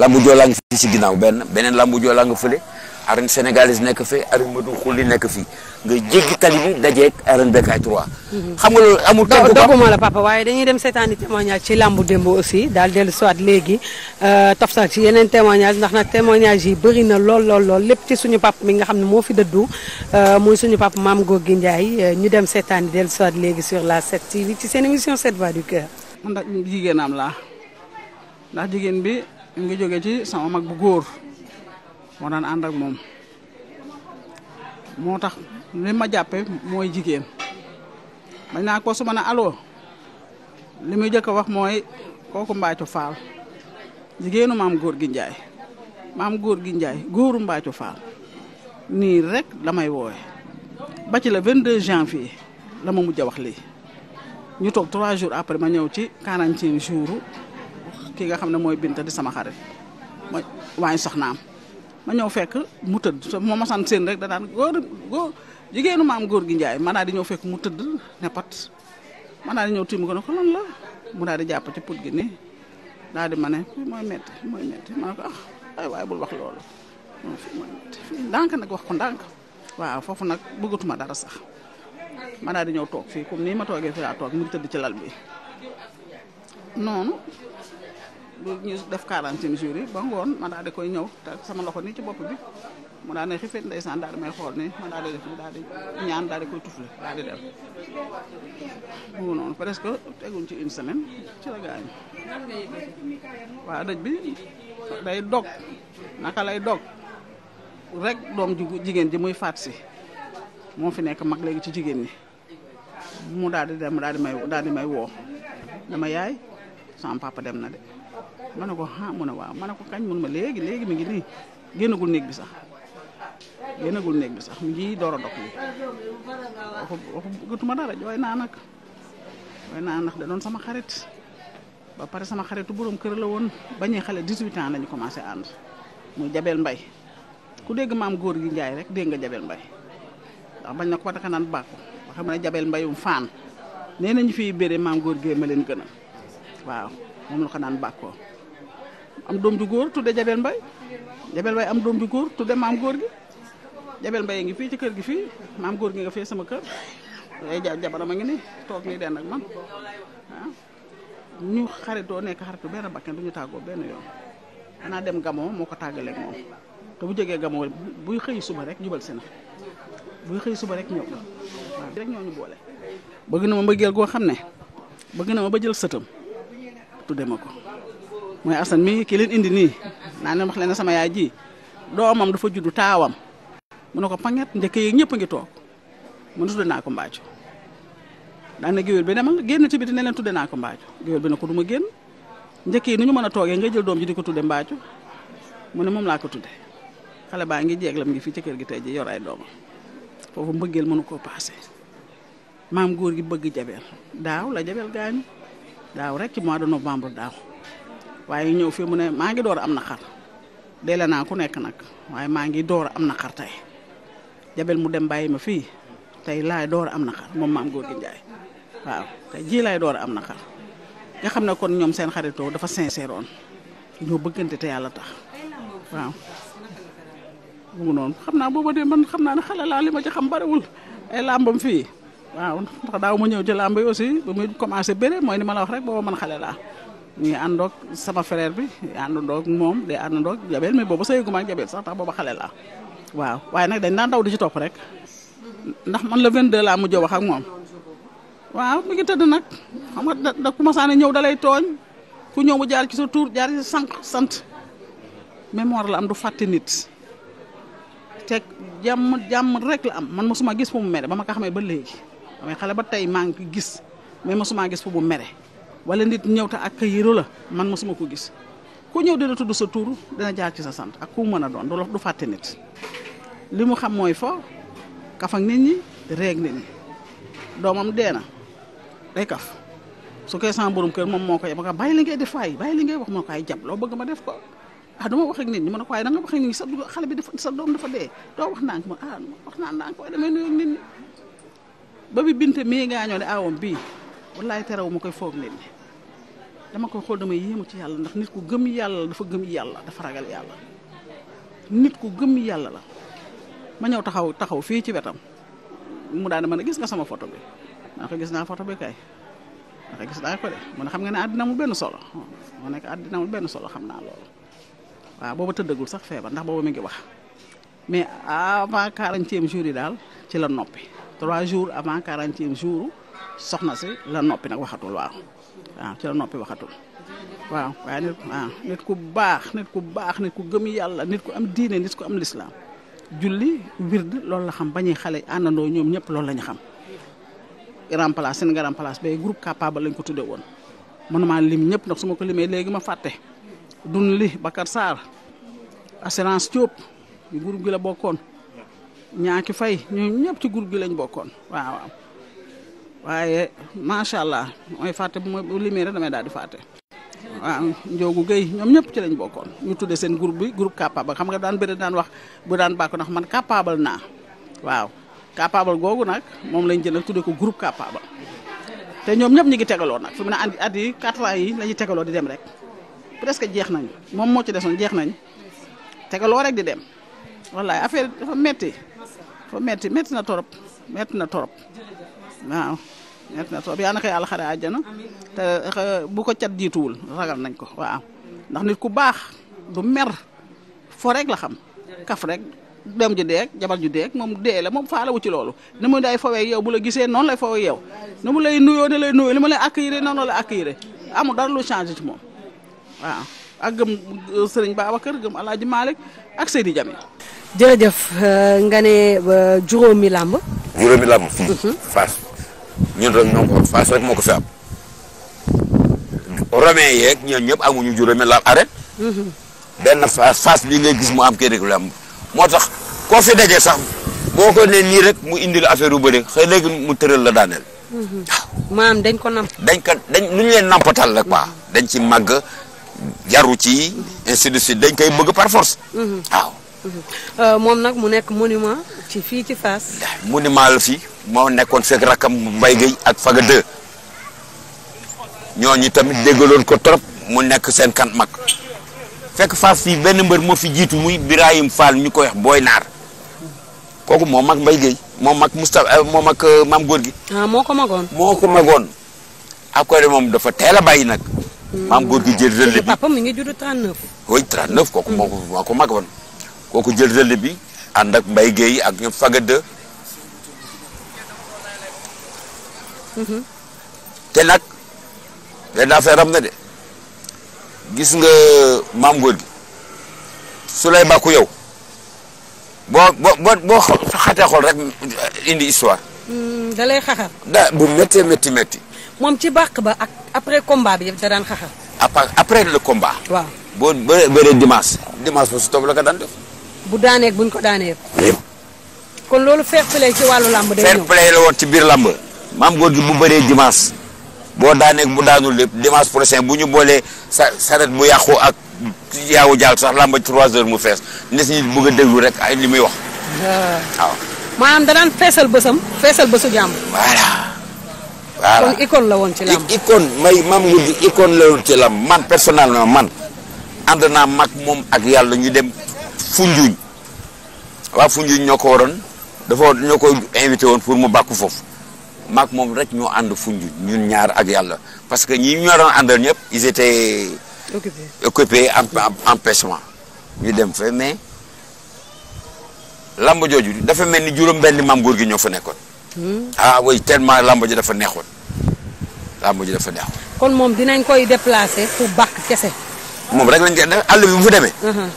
lambu joolaa ngi fi si ginnaaw beneen lambu joolaa nga fule arène sénégalaise nekk fi arène Modou Xulli nekk fi nga jéggi tali bi dajeeg arène Bécaye 3. Mhm. xam nga amul tënk dogguma la papa waaye dañuy dem seetaani témoignage ci làmbu démb aussi daal dellu siwaat léegi euh, toftal ci yeneen témoignage ndax nag témoignage yi bëri na lool lool lool lépp ci suñu pap mi nga xam ne moo fi dëddu euh, muy suñu pap maam gi Ndiaye euh, ñu dem seetaani dellu siwaat léegi sur la 7 TV ci seen émission 7 voix du cœur. man nag jigéenam laa ndax jigéen bi mu ngi jógee ci sama mag bu moo daan ànd ak moom moo tax li ma jàppe mooy jigéen bañ naa ko su ne allo li muy jëkk a wax mooy kooku Mbaacu Faal jigéenu maam góor gi Njaay maam góor gi Njaay góoru Mbaacu Faal nii rek la may woowe ba ci le 22 janvier la ma mujj a wax lii ñu toog trois jours après ma ñëw ci quarantième jour ki nga xam ne mooy Binta di sama xarit mooy sax naam ma ñëw fekk mu tëdd moo ma sant seen rek da daan góor góor jigéenu maam góor gi njaay ma di ñëw fekk mu tëdd ne pat di ñëw tiim ko ko lan la mu daal di jàpp ci put gi nii daal di ma ne fii mooy metti mooy metti ma ko ah, ay waaye bul wax loolu fii nag wax ko ndànk waaw foofu nag buggatuma dara sax ma di ñëw toog fii comme nii ma toogee fii laa toog mu tëdd ci lal bi noonu ñu def quarantaine jours yi ba ngoon ma daal di koy ñëw te sama loxo nii ci bopp bi mu daal ne xifit ndeysaan daal may xool ni ma daal di def mu daal ñaan daal di koy tufle daal di dem bu ci une semaine ci bi day dog naka lay dog rek doom ju jigéen ji muy faat si moo fi nekk mag léegi ci jigéen ñi mu daal di dem daal di may daal di may woo dama yaay sama papa dem na de ma ne ko ah mu ne waaw ma ne ko kañ mun ma léegi léegi mu ngi nii génnagul néeg bi sax génnagul néeg bi sax mu ngi door a dog nii waxu waxu bëggatuma dara jooy naa nag jooy naa ndax sama xarit ba pare sama xaritu borom kër la woon ba xale 18 ans lañu commencé ànd muy Jabel Mbay ku dégg maam góor gi Njaay rek dégg nga Jabel Mbay ndax bañ na ko ba naan bàkku ba xam ne Jabel Mbayum Faan nee ñu fi béré maam góor gee ma leen gën a waaw moom la ko naan bàkkoo am doom ju góor tudde Jabel Mbay Jabel Mbay am doom ju góor tudde maam góor gi Jabel Mbay ngi fi ci kër gi fii maam góor gi nga fee sama kër ay jabaram a ngi ni toog nii den ak man waaw ah. ñu xaritoo nekk xaritu benn bakkan du ñu tàggoo benn yoon xanaa dem gamoo moo ko tàggaleeg moom te bu jógee gamoo buy xëy suba rek jubal si na buy xëy suba rek ñëw waaw rek ñoo ñu boole bëgg na ma mbëggeel goo xam ne bëgg na ma ba jël sëtam tudde ma ko mooy assan mi ki leen indi nii naa leen wax leen sama yaay ji doomam dafa juddu taawam mu ne ko panget njëkk yi ñëpp a ngi toog mu ne tudde naa ko mbaajo daan na géwél bi demal génn ci biti ne leen tudde naa ko mbaajo géwél bi na ko du ma génn njëkk yi nu ñu mën a toogee nga jël doom ji di ko tudde mbaajo mu moom laa ko tudde xale baa ngi jeeglam ngi fii ci kër gi tey ji yor ay doomam foofu mbëggeel mënu ko paase maam góor gi bëgg jabel daaw la jabel gaañu rek mois de novembre daaw waaye ñëw fii mu ne maa ngi door am naqar deele naa ku nekk nag waaye maa ngi door am na xar tey jabel mu dem bàyyi ma fii tey laay door am na moom maam góor gi laay door am naqar nga xam ne kon ñoom seen xarito dafa sincère oon ñoo bëggante te yàlla tax waaw. mu ngi noonu xam naa booba de man xam naa ne xale laa li ma ci xam bariwul ay làmbam fii waaw ndax daaw ma ñëw ci làmb yi aussi ba muy commencé bëre mooy ni ma la wax rek booba man xale laa. ñuy àndoog sama frère bi àndandoog moom day àndandoog jabel mais boobu sëyaguma ak jabel sax tax booba xale laa waaw waaye nag dañ daan daw di ci topp rek ndax man le 22 laa mujj wax ak moom waaw mi ngi tëdd nag xam nga da ku masaane ñëw dalay tooñ ku ñëw mu jaar ci sa tur jaar ci sànq sant mémoire la am du fàtte nit te jàmm jàmm rek la am man mosuma gis fu mu mere ba ma ko xamee ba léegi damay xale ba tey maa ngi gis mais mosuma gis fu mu mere wala nit ñëw te accueillir la man mosuma ko gis ku ñëw dina tudd sa tur dina jaar ci sa sant ak ku mën a doon du fàtte nit li mu xam mooy fo kaf ak nit ñi réeg nit ñi doomam dee na day kaf su koy sama kër moom moo koy ba nga li ngay def waay bàyyi li ngay wax moo koy jàpp loo bëgg ma def ko ah du wax ak nit ñi ma ne ko waaye da nit ñi sa xale bi dafa sa doom dafa dee doo wax ndànk ma ah wax naa ndànk waaye damay nuyu nit ñi ba bi binte mii gaañoo ne aawam bii wallaay terew ma koy foog leen dama koy xool damay yéemu ci yàlla ndax nit ku gëm yàlla dafa gëm yàlla dafa ragal yàlla ku gëm yàlla la ma ñëw taxaw taxaw fii ci wetam mu daan mën a gis nga sama photo bi maa ko gis naa photo bi kay ko gis naa ko de mu ne xam nga ne àddina mu benn solo moo nekk àddina mu benn solo xam naa loolu waaw booba tëddagul sax feebar ndax booba mi ngi wax mais avant quarantième jour yi daal ci la noppi trois jours avant quarantième jour soxna si la noppi nag waxatul waaw waaw ci la noppi waxatul waaw waaye nit waaw nit ku baax nit ku baax nit ku gëm yàlla nit ku am diine nit ku am lislaam julli wird loolu la xam bañuy xale àndandoo ñoom ñëpp loolu la xam grand place seen grand place ba groupe capable lañ ko tuddee woon mënuma lim ñëpp ndax su ma ko limee léegi ma fàtte dun li Bakar Sarr assurance Diop groupe gi la bokkoon ñaaki fay ñoom ñëpp ci groupe gi lañ bokkoon waaye macha allah mooy fàtte bu ma limee rek damay daal di faate waaw Ndiogu Guèye ñoom ñëpp ci lañ bokkoon ñu tuddee seen groupe bi groupe capable xam nga daan bëri daan wax bu daan bàkk ndax man capable naa waaw capable googu nag moom lañ jël nag tuddee ko groupe capable. te ñoom ñëpp ñu ngi tegaloo nag fi mu ne andi at yi quatre ans yi la ñuy tegaloo di dem rek presque jeex nañ moom moo ci desoon jeex nañ tegaloo rek di dem wallaay affaire dafa metti dafa metti metti na torop metti na torop. waaw ñett na soob yaa na ko yàlla xare àjjana te bu ko cat jiituwul ragal nañ ko waaw ndax nit ku baax du mer fo rek la xam kaf rek doom ju deeg jabar ju deeg moom dee la moom faalawu ci loolu ni mu day fawee yow bu la gisee noon lay fawee yow ni mu lay nuyoo ne lay nuyoo ni mu lay accueillir noonu la accueillir amul dara lu changé ci moom waaw ak gëm euh, sëriñ Babacar gëm El Hadj ak Seydi Jami. jërëjëf euh, nga ne euh, juróomi làmb. juróomi làmb. Mhm. ñun rek ñoo ko Fass rek moo ko fi am romain yeeg ñoom ñëpp amuñu juróomi la arrêt benn Fass Fass bii ngay gis mu am kenn ku am moo tax koo fi dajee sax boo ko nee nii rek mu indil affaire wu bëri xëy léegi mu tëral la daaneel. Mm-hmm. maam dañ ko namp. dañ ko dañ lu ñu leen nampatal ko quoi. Mm-hmm. dañ ci màgg yaru ci. ainsi dañ koy bëgg par force. Mm-hmm. Euh, moom nag mu nekk monument ci fii ci Fass. monument la fii moo nekkoon fekk rakam mbay Gueye ak Faga 2 ñooñu tamit déggaloon ko trop mu nekk seen kan mag fekk Fass fii benn mbër moo fi jiitu muy biraayum Fall ñu koy wax Boy Naar kooku moo mag Mbaye Gueye moo mag Moustapha euh, moo euh, mag maam góor gi. ah moo ko magoon. moo ko magoon ak après moom dafa teel a bàyyi nag. maam góor gi jël relais bi papa mi ngi judd 39. oui 39 kooku moo ko moo ko magoon. kooku jël relais bi ànd ak Mbaye Guèye ak ñoom Fagade. te nag benn affaire am na de gis nga maam góor gi su lay bàkku yow boo boo boo xatee xol rek indi histoire. Hmm, da lay xaxar. da bu méttee métti métti. moom ci bàq ba ak après combat bi yëpp da daan xaxar. après après le combat. boo bëree dimanche. dimanche ba su toog la ka daan def. bu daaneeg buñ ko daaneeg. kon loolu fair play ci wàllu làmb day ñëw fair play la woon ci biir làmb. maam góor gi bu bëree dimanche boo daaneeg bu daanul lépp dimanche prochain bu ñu boolee sa saret bu yàqu ak yaawu jaal sax làmb ci 3 heures mu fees nit ñi bëgg a déglu rek ay li muy wax. Ah. waaw. maanaam danaan feesal bësam feesal bësu jàmm. voilà. voilà kon icône la woon ci làmb. icône may maam la man personnellement man ànd naa mag moom ak yàlla ñu dem Foundiougne. waa Foundiougne ñoo ko waroon dafa ñoo ko invité woon pour mu bàkku foofu maak moom rek ñu ànd Foundiougne ñun ñaar ak yàlla parce que ñi ñoo doon àndal ñëpp ils étaient occupés ñu dem fa mais lamb jooju dafa mel ni juróom benn maam góor gi ñoo fa nekkoon hmm. ah oui tellement lamb ji dafa neexoon lamb ji dafa neexoon kon moom dinañ koy déplacer pour bàkk kese moom rek lañ koy def àll bi bu demee uh-huh.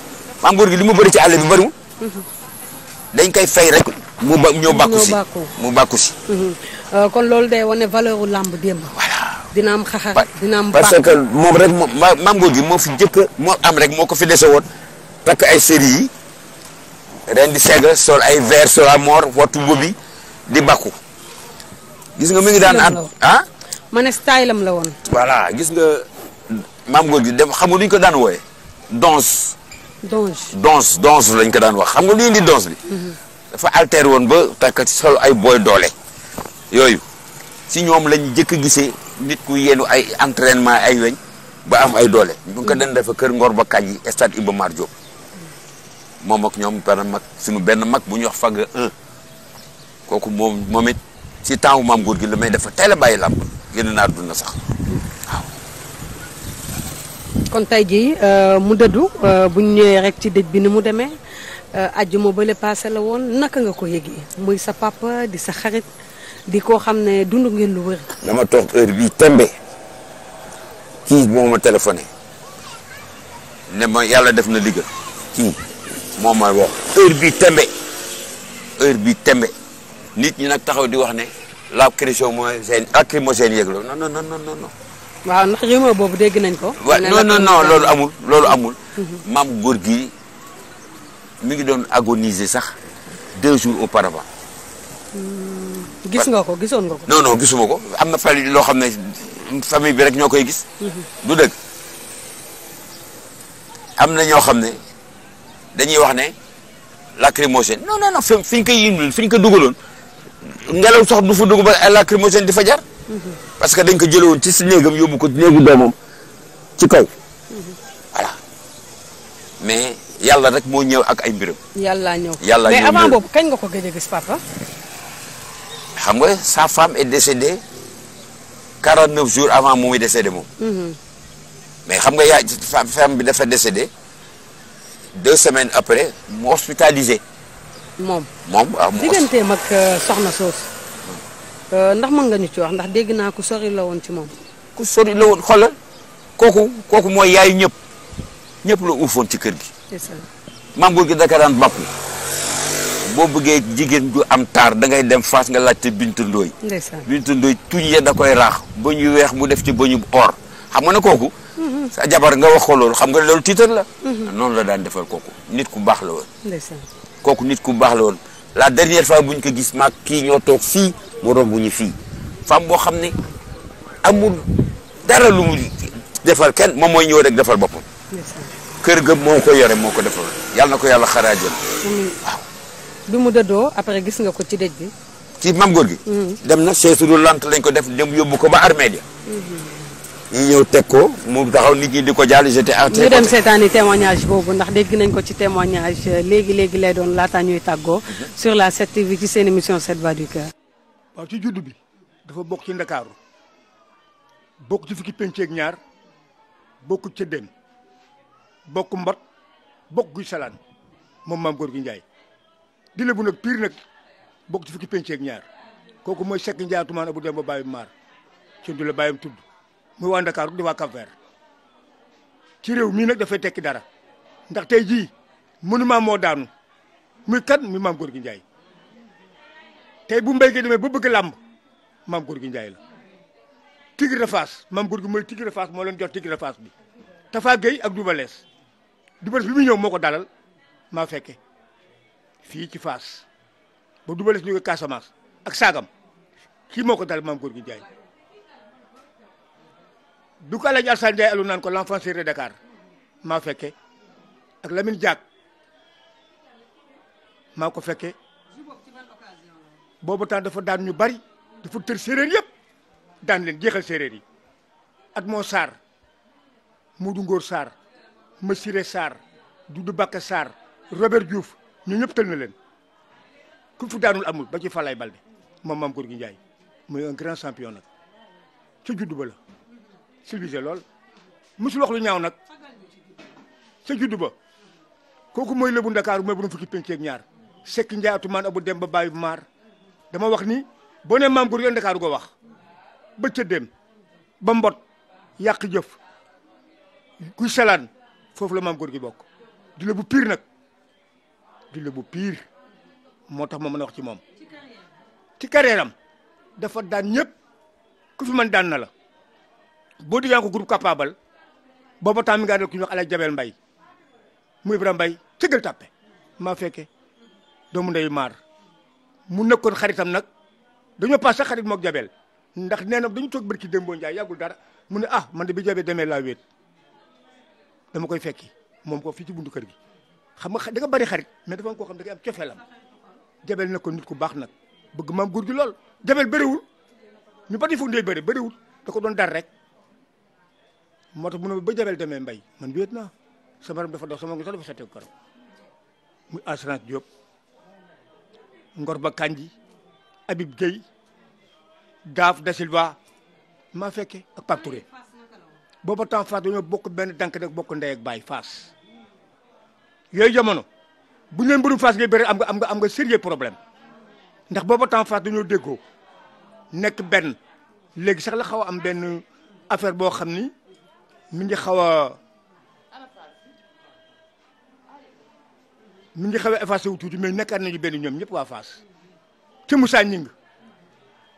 maam góor gi li mu bëri ci àll bi bëriwul uh-huh. dañ koy fay rek. mu ba ñoo bàkku mu bàkku si. Mhm. Euh, kon loolu day wane valeur u làmb démb. voilà dina am xaxar dina am. parce moom rek maam Gorgui moo fi jëkk moo am rek moo ko fi dese woon takk ay série yi ren di segg sol ay ver sol à mort wattu di bàkku gis nga mi ngi daan at ah. ne style am la woon. voilà gis nga maam Gorgui dem xam nga nu ñu ko daan wooye donse donc lañ ko daan wax xam nga li indi donse bi mhm. dafa alter woon ba takk sol ay booy doole yooyu si ñoom lañ jëkk a gisee nit ku yenu ay entraînement ay weñ ba am ay doole ñu ngi ko den dafa kër Ngor ba kaj yi stade Iba Mar Diop moom ak ñoom mag suñu benn mag bu ñuy wax fagga un moom it si temps wu maam góor gi la may dafa teel a bàyyi làmb génn naa dund sax kon tey jii euh, mu dëddu euh, bu ñëwee rek ci dëj bi ni mu demee euh, àjjuma bële paase la woon naka nga ko yëgee muy sa papa di sa xarit di koo xam ne dund ngeen lu wër. dama toog heure bii tembe kii moo ma téléphoné ne ma yàlla def na liggéey kii moo ma wax heure bii tembe heure bii tembe nit ñi nag taxaw di wax ne la création mooy seen lacrymogène yëg la non non non non waaw ndax rumeur boobu dégg nañ ko. waaw non non non loolu amul loolu amul. Mhm. maam góor gi mi ngi doon agoniser sax deux jours auparavant. Hmm, gis nga ko gisoon nga ko. non non gisuma ko am na fali loo xam ne famille bi rek ñoo koy gis. Mhm. du dëgg am na ñoo xam ne dañuy wax ne lacrymogène non non non fi ñu koy yëngu fi ñu ko dugaloon ngelaw sax du fa dugg ba lacrymogène di fa jar. parce que dañ ko jëlee woon ci si néegam yóbbu ko néegu doomam ci kaw. voilà mais yàlla rek moo ñëw ak ay mbiram. yàlla ñëw yàlla ñëw mais avant boobu kañ nga ko gëj a gis papa. xam nga sa et est décédée 49 jours avant moom muy décédé moom. Mhm. mais xam nga yaa femme bi dafa décédé deux semaines après mu hospitalisé. moom moom ah mu. digganteem ak euh, soxna soosu. Euh, ndax mën nga ñu ci wax ndax dégg naa ku sori la woon ci moom. ku sori la woon xoolal kooku kooku mooy yaayu ñëpp ñëpp la uufoon ci kër gi. maam góor gi daka daan bàpp boo bëggee jigéen du am taar da ngay dem fas nga laajte Bintu Ndoy. ndeysaan Bintu Ndoy tuñ ya da koy raax ba ñu weex mu def ci ba bu or xam nga ne kooku. Mm-hmm. sa jabar nga wax ko loolu xam nga loolu tiitar la. Mm-hmm. noonu la daan defal kooku nit ku baax la woon. kooku nit ku baax la woon. la dernière fois bu ñu ko gis maag kii ñoo toog fii mu bu ñu fii femme boo xam ne amul dara lu mu defal kenn moom mooy ñëw rek defal boppam. kër ga moo ko yore moo ko defal yàlla na ko yàlla xaraajal. waaw. bi mu dëddoo après gis nga ko ci dëj bi. ci mam góor gi. Mm-hmm. dem na chaise roulante lañ ko def dem yóbbu ko ba armée ya mm-hmm. ñu ñëw teg ko mu taxaw nit ñi di ko jàll jeté à. ñu dem témoignage boobu ndax dégg nañ ko ci témoignage euh, léegi léegi lay doon laata ñuy tàggoo mhm. sur la 7 TV ci seen émission 7 voix du cœur. waaw ci juddu bi dafa bokk ci ndakaaru bokk ci fukki penc ak ñaar bokk ca dem bokk mbot bokk guy salaan moom maam góor gi Njaay di la bu nag piir nag bokk ci fukki penc ak ñaar kooku mooy sekk njaatumaan abu dem ba bàyyi maar ci la bàyyam tudd. muy waa Ndakaaru di waa cap ci réew mii nag dafa tekki dara ndax tey jii monument moo daanu muy kan muy maam Gorgui Ndiaye tey bu mbéy gi demee ba bëgg làmb maam Gorgui njaay la Tigre de Fass maam gi mooy Tigre de moo leen jox Tigre de Fass bi Tafa Gueye ak Double Less Double Less bi muy ñëw moo ko dalal maa fekke fii ci Fass ba Double Less ñu ak saagam kii moo ko dalal maam gi Ndiaye du ko alaji Alsaan Njaay alu naan ko l'enfant chéri de Dakar maa fekke ak Lamine Diack maa ko fekke boobu temps dafa daan ñu bari dafa tër séeréer yëpp daan leen jeexal séeréer yi at moo Sarr Modou Ngor Sarr Massiré Sarr Doudou Bakka Sarr Robert Diouf ñu ñëpp tël na leen ku fu daanul amul ba ci Falaye Balde moom maam góor gi Njaay muy un grand champion ci juddu ba civilisé lool musul wax lu ñaaw nag sa juddu ba kooku mooy lébu ndakaaru mooy borom fukki penc ñaar sekk njaatu maan abu dem ba bàyyi maar dama wax ni boo nee maam góor gi ndakaaru ko wax ba cëddeem ba mbot yàq jëf kuy salaan foofu la maam góor gi bokk di bu pire nag di bu pire moo tax ma mën a wax ci moom ci carrière dafa daan ñëpp ku fi mën daan na la boo diggaa ko groupe capable booba temps mi ngi ànd ku ñuy wax Alaaji Mbay mu Ibrahima Mbay cëggal tàppe maa fekke doomu ndey maar mu nekkoon xaritam nag dañoo passé xarit mook Jabel ndax nee na dañu toog barki Dembo Ndiaye yagul dara mu ne ah man de bi Jabel demee laa wéet dama koy fekki moom ko fii ci buntu kër gi xam nga da nga bari xarit mais dafa am koo xam da ngay am cofeelam Jabel nag ko nit ku baax nag bëgg maam góor gi lool Jabel bëriwul ñu bari foog ndey bëri bëriwul da ko doon dar rek moo tax mu ne ba jaral demee mbay man wéet naa sama ram dafa dox sama ngi sax dafa sotteeku karo muy assurance Diop Ngor ba Kanji Habib Gueye Daaf Da Silva maa fekke ak Pape Touré booba temps Fass dañoo bokk benn dank nag bokk ndey ak baay Fass yooyu jamono bu ñu leen bëri Fass ngay am nga am nga am nga sérieux problème ndax booba temps Fass dañoo déggoo nekk benn léegi sax la xaw am benn affaire boo xam ni. mi ngi xaw a mi ngi xaw a effacé wu tuuti mais nekkaat nañu benn ñoom ñëpp waa Fass ci Moussa Gningue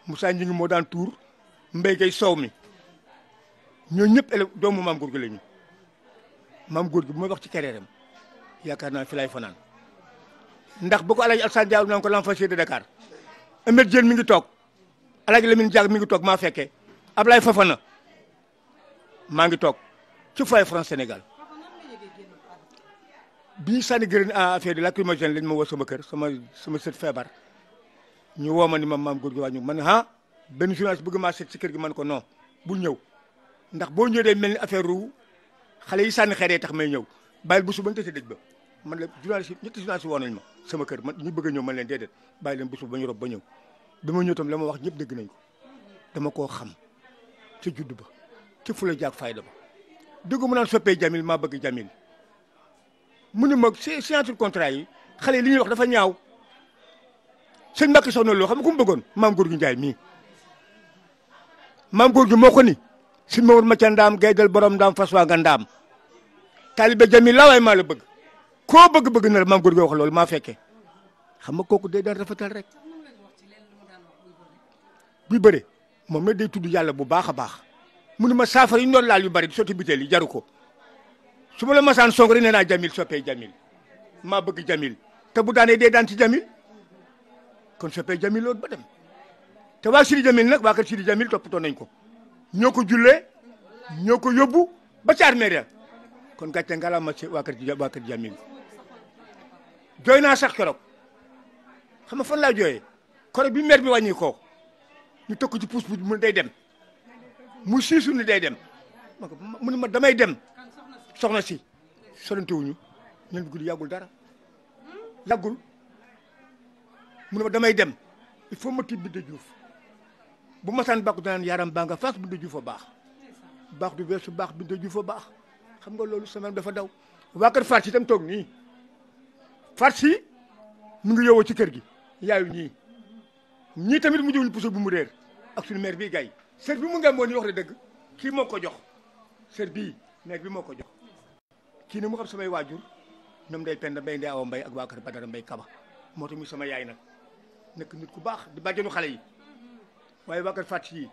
Moussa Gningue moo daan tuur mbéy kay sow mi ñoo ñëpp élève doomu maam góor gi la ñu maam góor gi bu may wax ci carrière am yaakaar naa fi laay fanaan ndax bu ko El Hadj Alassane Diallo naan ko l'enfant chéri de Dakar Ameth Diène mi ngi toog El Hadj Lamine Diack mi ngi toog maa fekkee Ablaye Fafana maa ngi toog ci foyer France Sénégal bi sànni gërëm affaire ma lacrymogène lañ ma woo sama kër sama sama sët feebar ñu woo ma ni ma maam góor waa wàññi man ah benn journaliste bëgg ma seet si kër gi man ko non bu ñëw ndax boo ñëwee day mel ni affaire ru xale yi sànni xeeree tax may ñëw bàyyil busu suba nga tëj dëj ba man la journaliste ñetti journaliste woo nañ ma sama kër man ñu bëgg a ñëw man leen déedéet bàyyi leen bu suba ba ñu rob ba ñëw bi ma ñëw tam la ma wax ñëpp dégg nañ ko dama koo xam ca ba ci fula jaag fayda ba dëgg mu naan soppee Jamil maa bëgg Jamil mu ni ma signature contrat yi xale yi li ñuy wax dafa ñaaw sëñ Mbacke Soxna Lo xam nga ku mu bëggoon maam góor gi Njaay mii maam góor gi moo ko ni si ma war ma ca ndaam gaydal borom ndaam fas waa nga ndaam taalibe Jamil laa waaye maa la bëgg koo bëgg-bëgg na la maam góor gi wax loolu maa fekkee xam nga kooku day daan rafetal rek buy bëre moom it day tudd yàlla bu baax a baax mu ne ma saafara yi ñu laal yu bari di sotti butéel yi jaru ko su ma la masaan song rek nee naa jamil soppee jamil maa bëgg jamil te bu daanee dee daan ci jamil kon soppee jamil loolu ba dem te waa Sidi Jamil nag waa kër Sidi Jamil toppatoo nañ ko ñoo ko jullee ñoo ko yóbbu ba ca armée kon gàcce ngalaama ci waa kër waa kër Jamil jooy naa sax keroog xam nga fan laa jooyee keroog bi mer bi wàññi ko ñu tëkk ci puus puus mu day dem. mu siisu ni day dem ma ko mu ne ma damay dem soxna si solante wuñu ñu bi guddi yàggul dara yàggul mu ne ma damay dem il faut ma tiim Binta Diouf bu masaan bàkku danaan yaaram baa nga faas Binta Diouf a baax baax du weesu baax Binta Diouf a baax xam nga loolu semaine dafa daw waa kër Faat si itam toog nii Faat si mu ngi yowoo ci kër gi yaayu ñii ñii tamit mu jëwuñ puso bu mu reer ak suñu maire bii gay sër bi mu ngeen woon ni wax dëgg kii moo ko jox sër bii nekk bi moo ko jox kii ne mu xam samay waajur ñoom day pend mbay ndey awa mbay ak waa kër Badara mbay kaba moo tax muy sama yaay nag nekk nit ku baax di bàjjenu xale yi waaye waa kër fàtt yi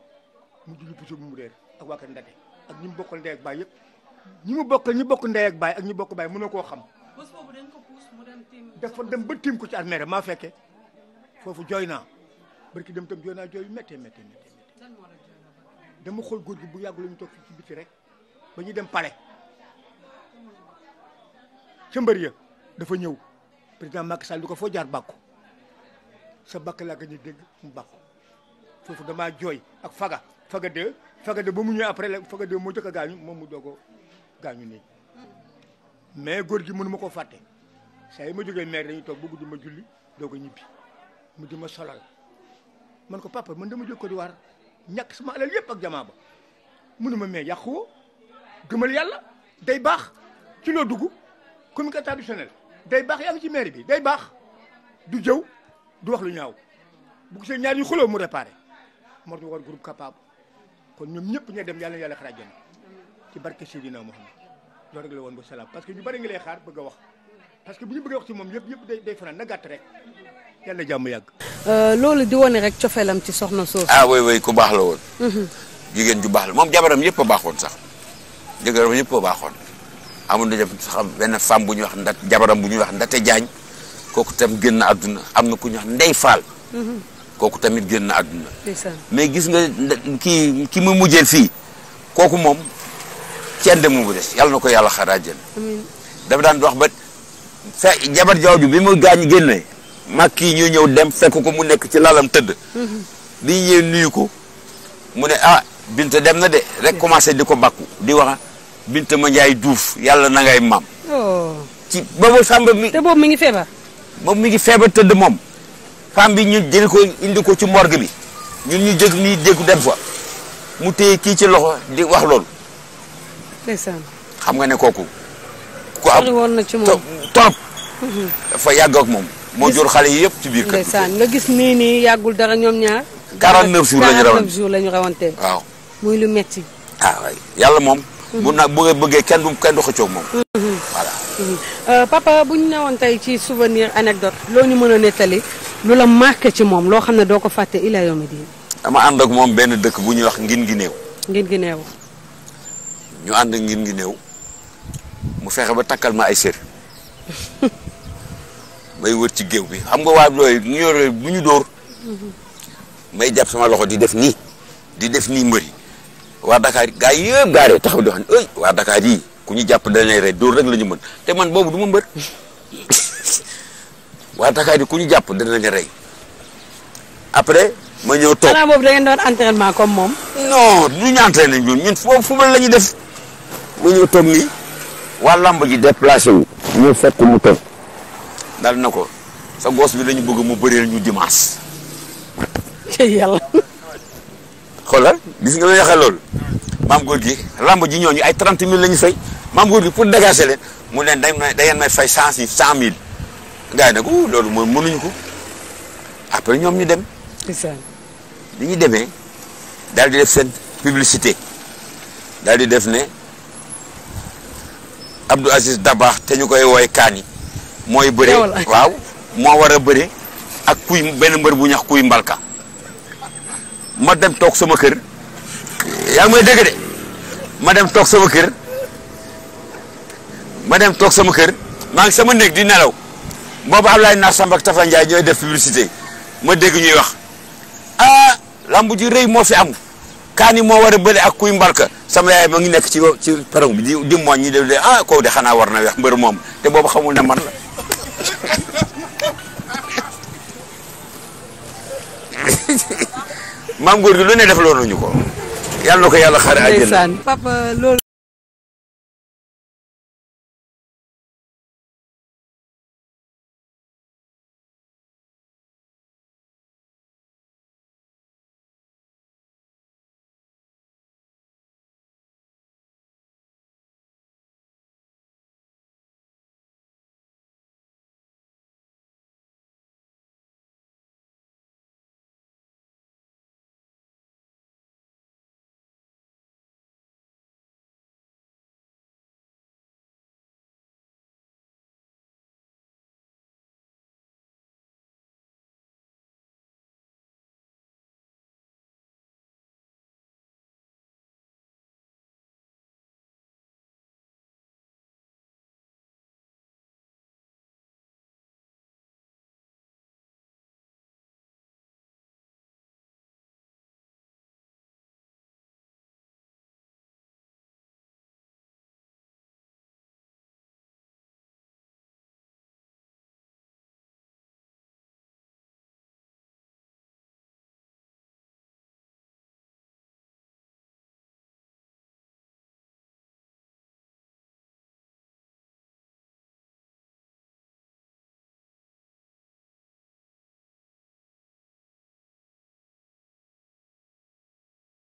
mu julli puso bu mu réer ak waa kër ndate ak ñi mu bokkal ndey ak baay yëpp ñu mu bokkal ñu bokk ndey ak baay ak ñi bokk baay mënoo koo xam dafa dem ba tiim ko ci armeere maa fekke foofu jooy naa barki dem tam jooy naa jooy méttee méttee dama xool góor gi bu yàgg la ñu toog fii ci biti rek ba ñu dem palais ca mbër dafa ñëw président Macky Sall di ko foo jaar bàkku sa bàkk laa gën a dégg mu bàkku foofu damaa jooy ak faga faga de faga de ba mu ñëwee après la faga de moo jëkk a gaañu moom mu doog a gaañu nii mais góor gi mënu ma koo fàtte saa yi ma jógee maire dañuy toog ba guddi ma julli doog a ñibbi mu di ma solal man ko papa man dama jóg Côte d'Ivoire ñàkk sama alal yëpp ak jamaa ba ma mais yàquwoo gëmal yàlla day baax ci loo dugg communication traditionnelle day baax yaa ci mairie bi day baax du jëw du wax lu ñaaw bu gisee ñaar yu xuloo mu réparé moo tax war groupe capable kon ñoom ñëpp ña dem yàlla yàlla xaraaj ci barke Seydina Muhammad loolu rek la woon ba salaam parce que ñu bari ngi lay xaar bëgg a wax parce que bu ñu bëggee wax ci moom yëpp yëpp day day fanaan na gàtt rek yàlla jàmm yàgg. Euh, loolu di wone rek cofeelam ci soxna soosu. ah oui oui ku baax la woon. Mhm. jigéen ju baax la moom jabaram yëpp a baaxoon sax jëkkëram yëpp a baaxoon amoon na sax benn femme bu ñuy wax ndat jabaram bu ñuy wax ndate jaañ kooku tam génn adduna am na ku ñuy wax ndey faal. Mhm. kooku tamit génn àdduna. mais gis nga kii ki mu mujjeel fii kooku moom kenn demul bu des yàlla na ko yàlla xaraajal. dafa daan wax ba sa jabar jooju bi mu gaañ génnee. màkk yi ñu ñëw dem fekk ko mu nekk ci lalam tëdd. bi ñu ñëw nuyu ko mu ne ah Binta dem na de rek commencé di ko bakku di wax Binta ma Njaay Juuf yàlla na ngay maam. Oh. ci ba Samba mi. te mi ngi feebar. boobu mi ngi feebar tëdd moom. femme bi ñu jël ko indi ko ci morgue bi ñu ñu jëg ñuy dégg dem fa mu téye kii ci loxo di wax lool ndeysaan. xam nga ne kooku. ku am woon ci trop. Mm-hmm. dafa yàgg ak moom. moo jur xale yi yëpp ci biir kër ndeysaan nga gis nii nii yàggul dara ñoom ñaar 49 jours lañu rawante 49 jours lañu rawante waaw muy lu metti ah, yàlla moom mhm. bu nag bëggee bëggee kenn du kenn du xëccoog moom mhm. Mhm. Euh, papa bu ñu newoon tey ci souvenir anecdote loo ñu mën a nettali lu la marqué ci moom loo xam ne doo ko fàtte ila yomi diin dama ànd ak moom benn dëkk bu ñuy wax ngin gi néew ngin gi néew ànd ngin gi néew mu fexe ba takkal ma ay sér may wër ci géew bi xam nga waa looy ñu yore bu ñu dóor may jàpp sama loxo di def nii di def ni mbëri waa Dakar gaa yëpp gaaree taxaw di wax ne ey waa Dakar yi ku ñu jàpp dañ lay rey dóor rek la ñu mën te man boobu du ma mbër waa Dakar ku ñu jàpp dana la rey après ma ñëw toog xanaa boobu da ngeen doon comme moom. non ñu entraîné ñun ñun foofu fu la ñu def ma ñëw toog nii waa lamb ji déplacé wu. ñu fekk mu toog. dal na ko sa gos bi lañu bëgg mu bëreel ñu dimanche. yàlla. xoolal gis nga lu yàqal loolu. maam góor gi lamb ji ñooñu ay trente mille lañu ñu fay maam góor gi pour dégager leen mu leen day may day may fay cent six cent mille gars yi nag loolu mooy mënuñu ko après ñoom ñu dem. li ñu demee daal di def seen publicité dal di def ne Abdou Aziz Dabakh te ñu koy woy Kaani. mooy bëre waaw moo war a bëre ak kuy benn mbër bu ñax kuy mbalka ma dem toog sama kër yaa ngi may dégg de ma dem toog sama kër ma dem toog sama kër maa ngi sama néeg di nelaw boobu Ablaye Nar Samb ak Tafa Ndiaye def publicité ma dégg ñuy wax ah lamb ji rëy moo fi am kaani moo war a bëri ak kuy mbalka sama yaay ma ngi nekk ci ci perron bi di di mooñ ñi def de ah, kaw de xanaa war na wax mbër moom te boobu xamul ne man la maam góor gi lu ne defaloon nañu ko yàlla na ko yàlla xare àjjana papa loolu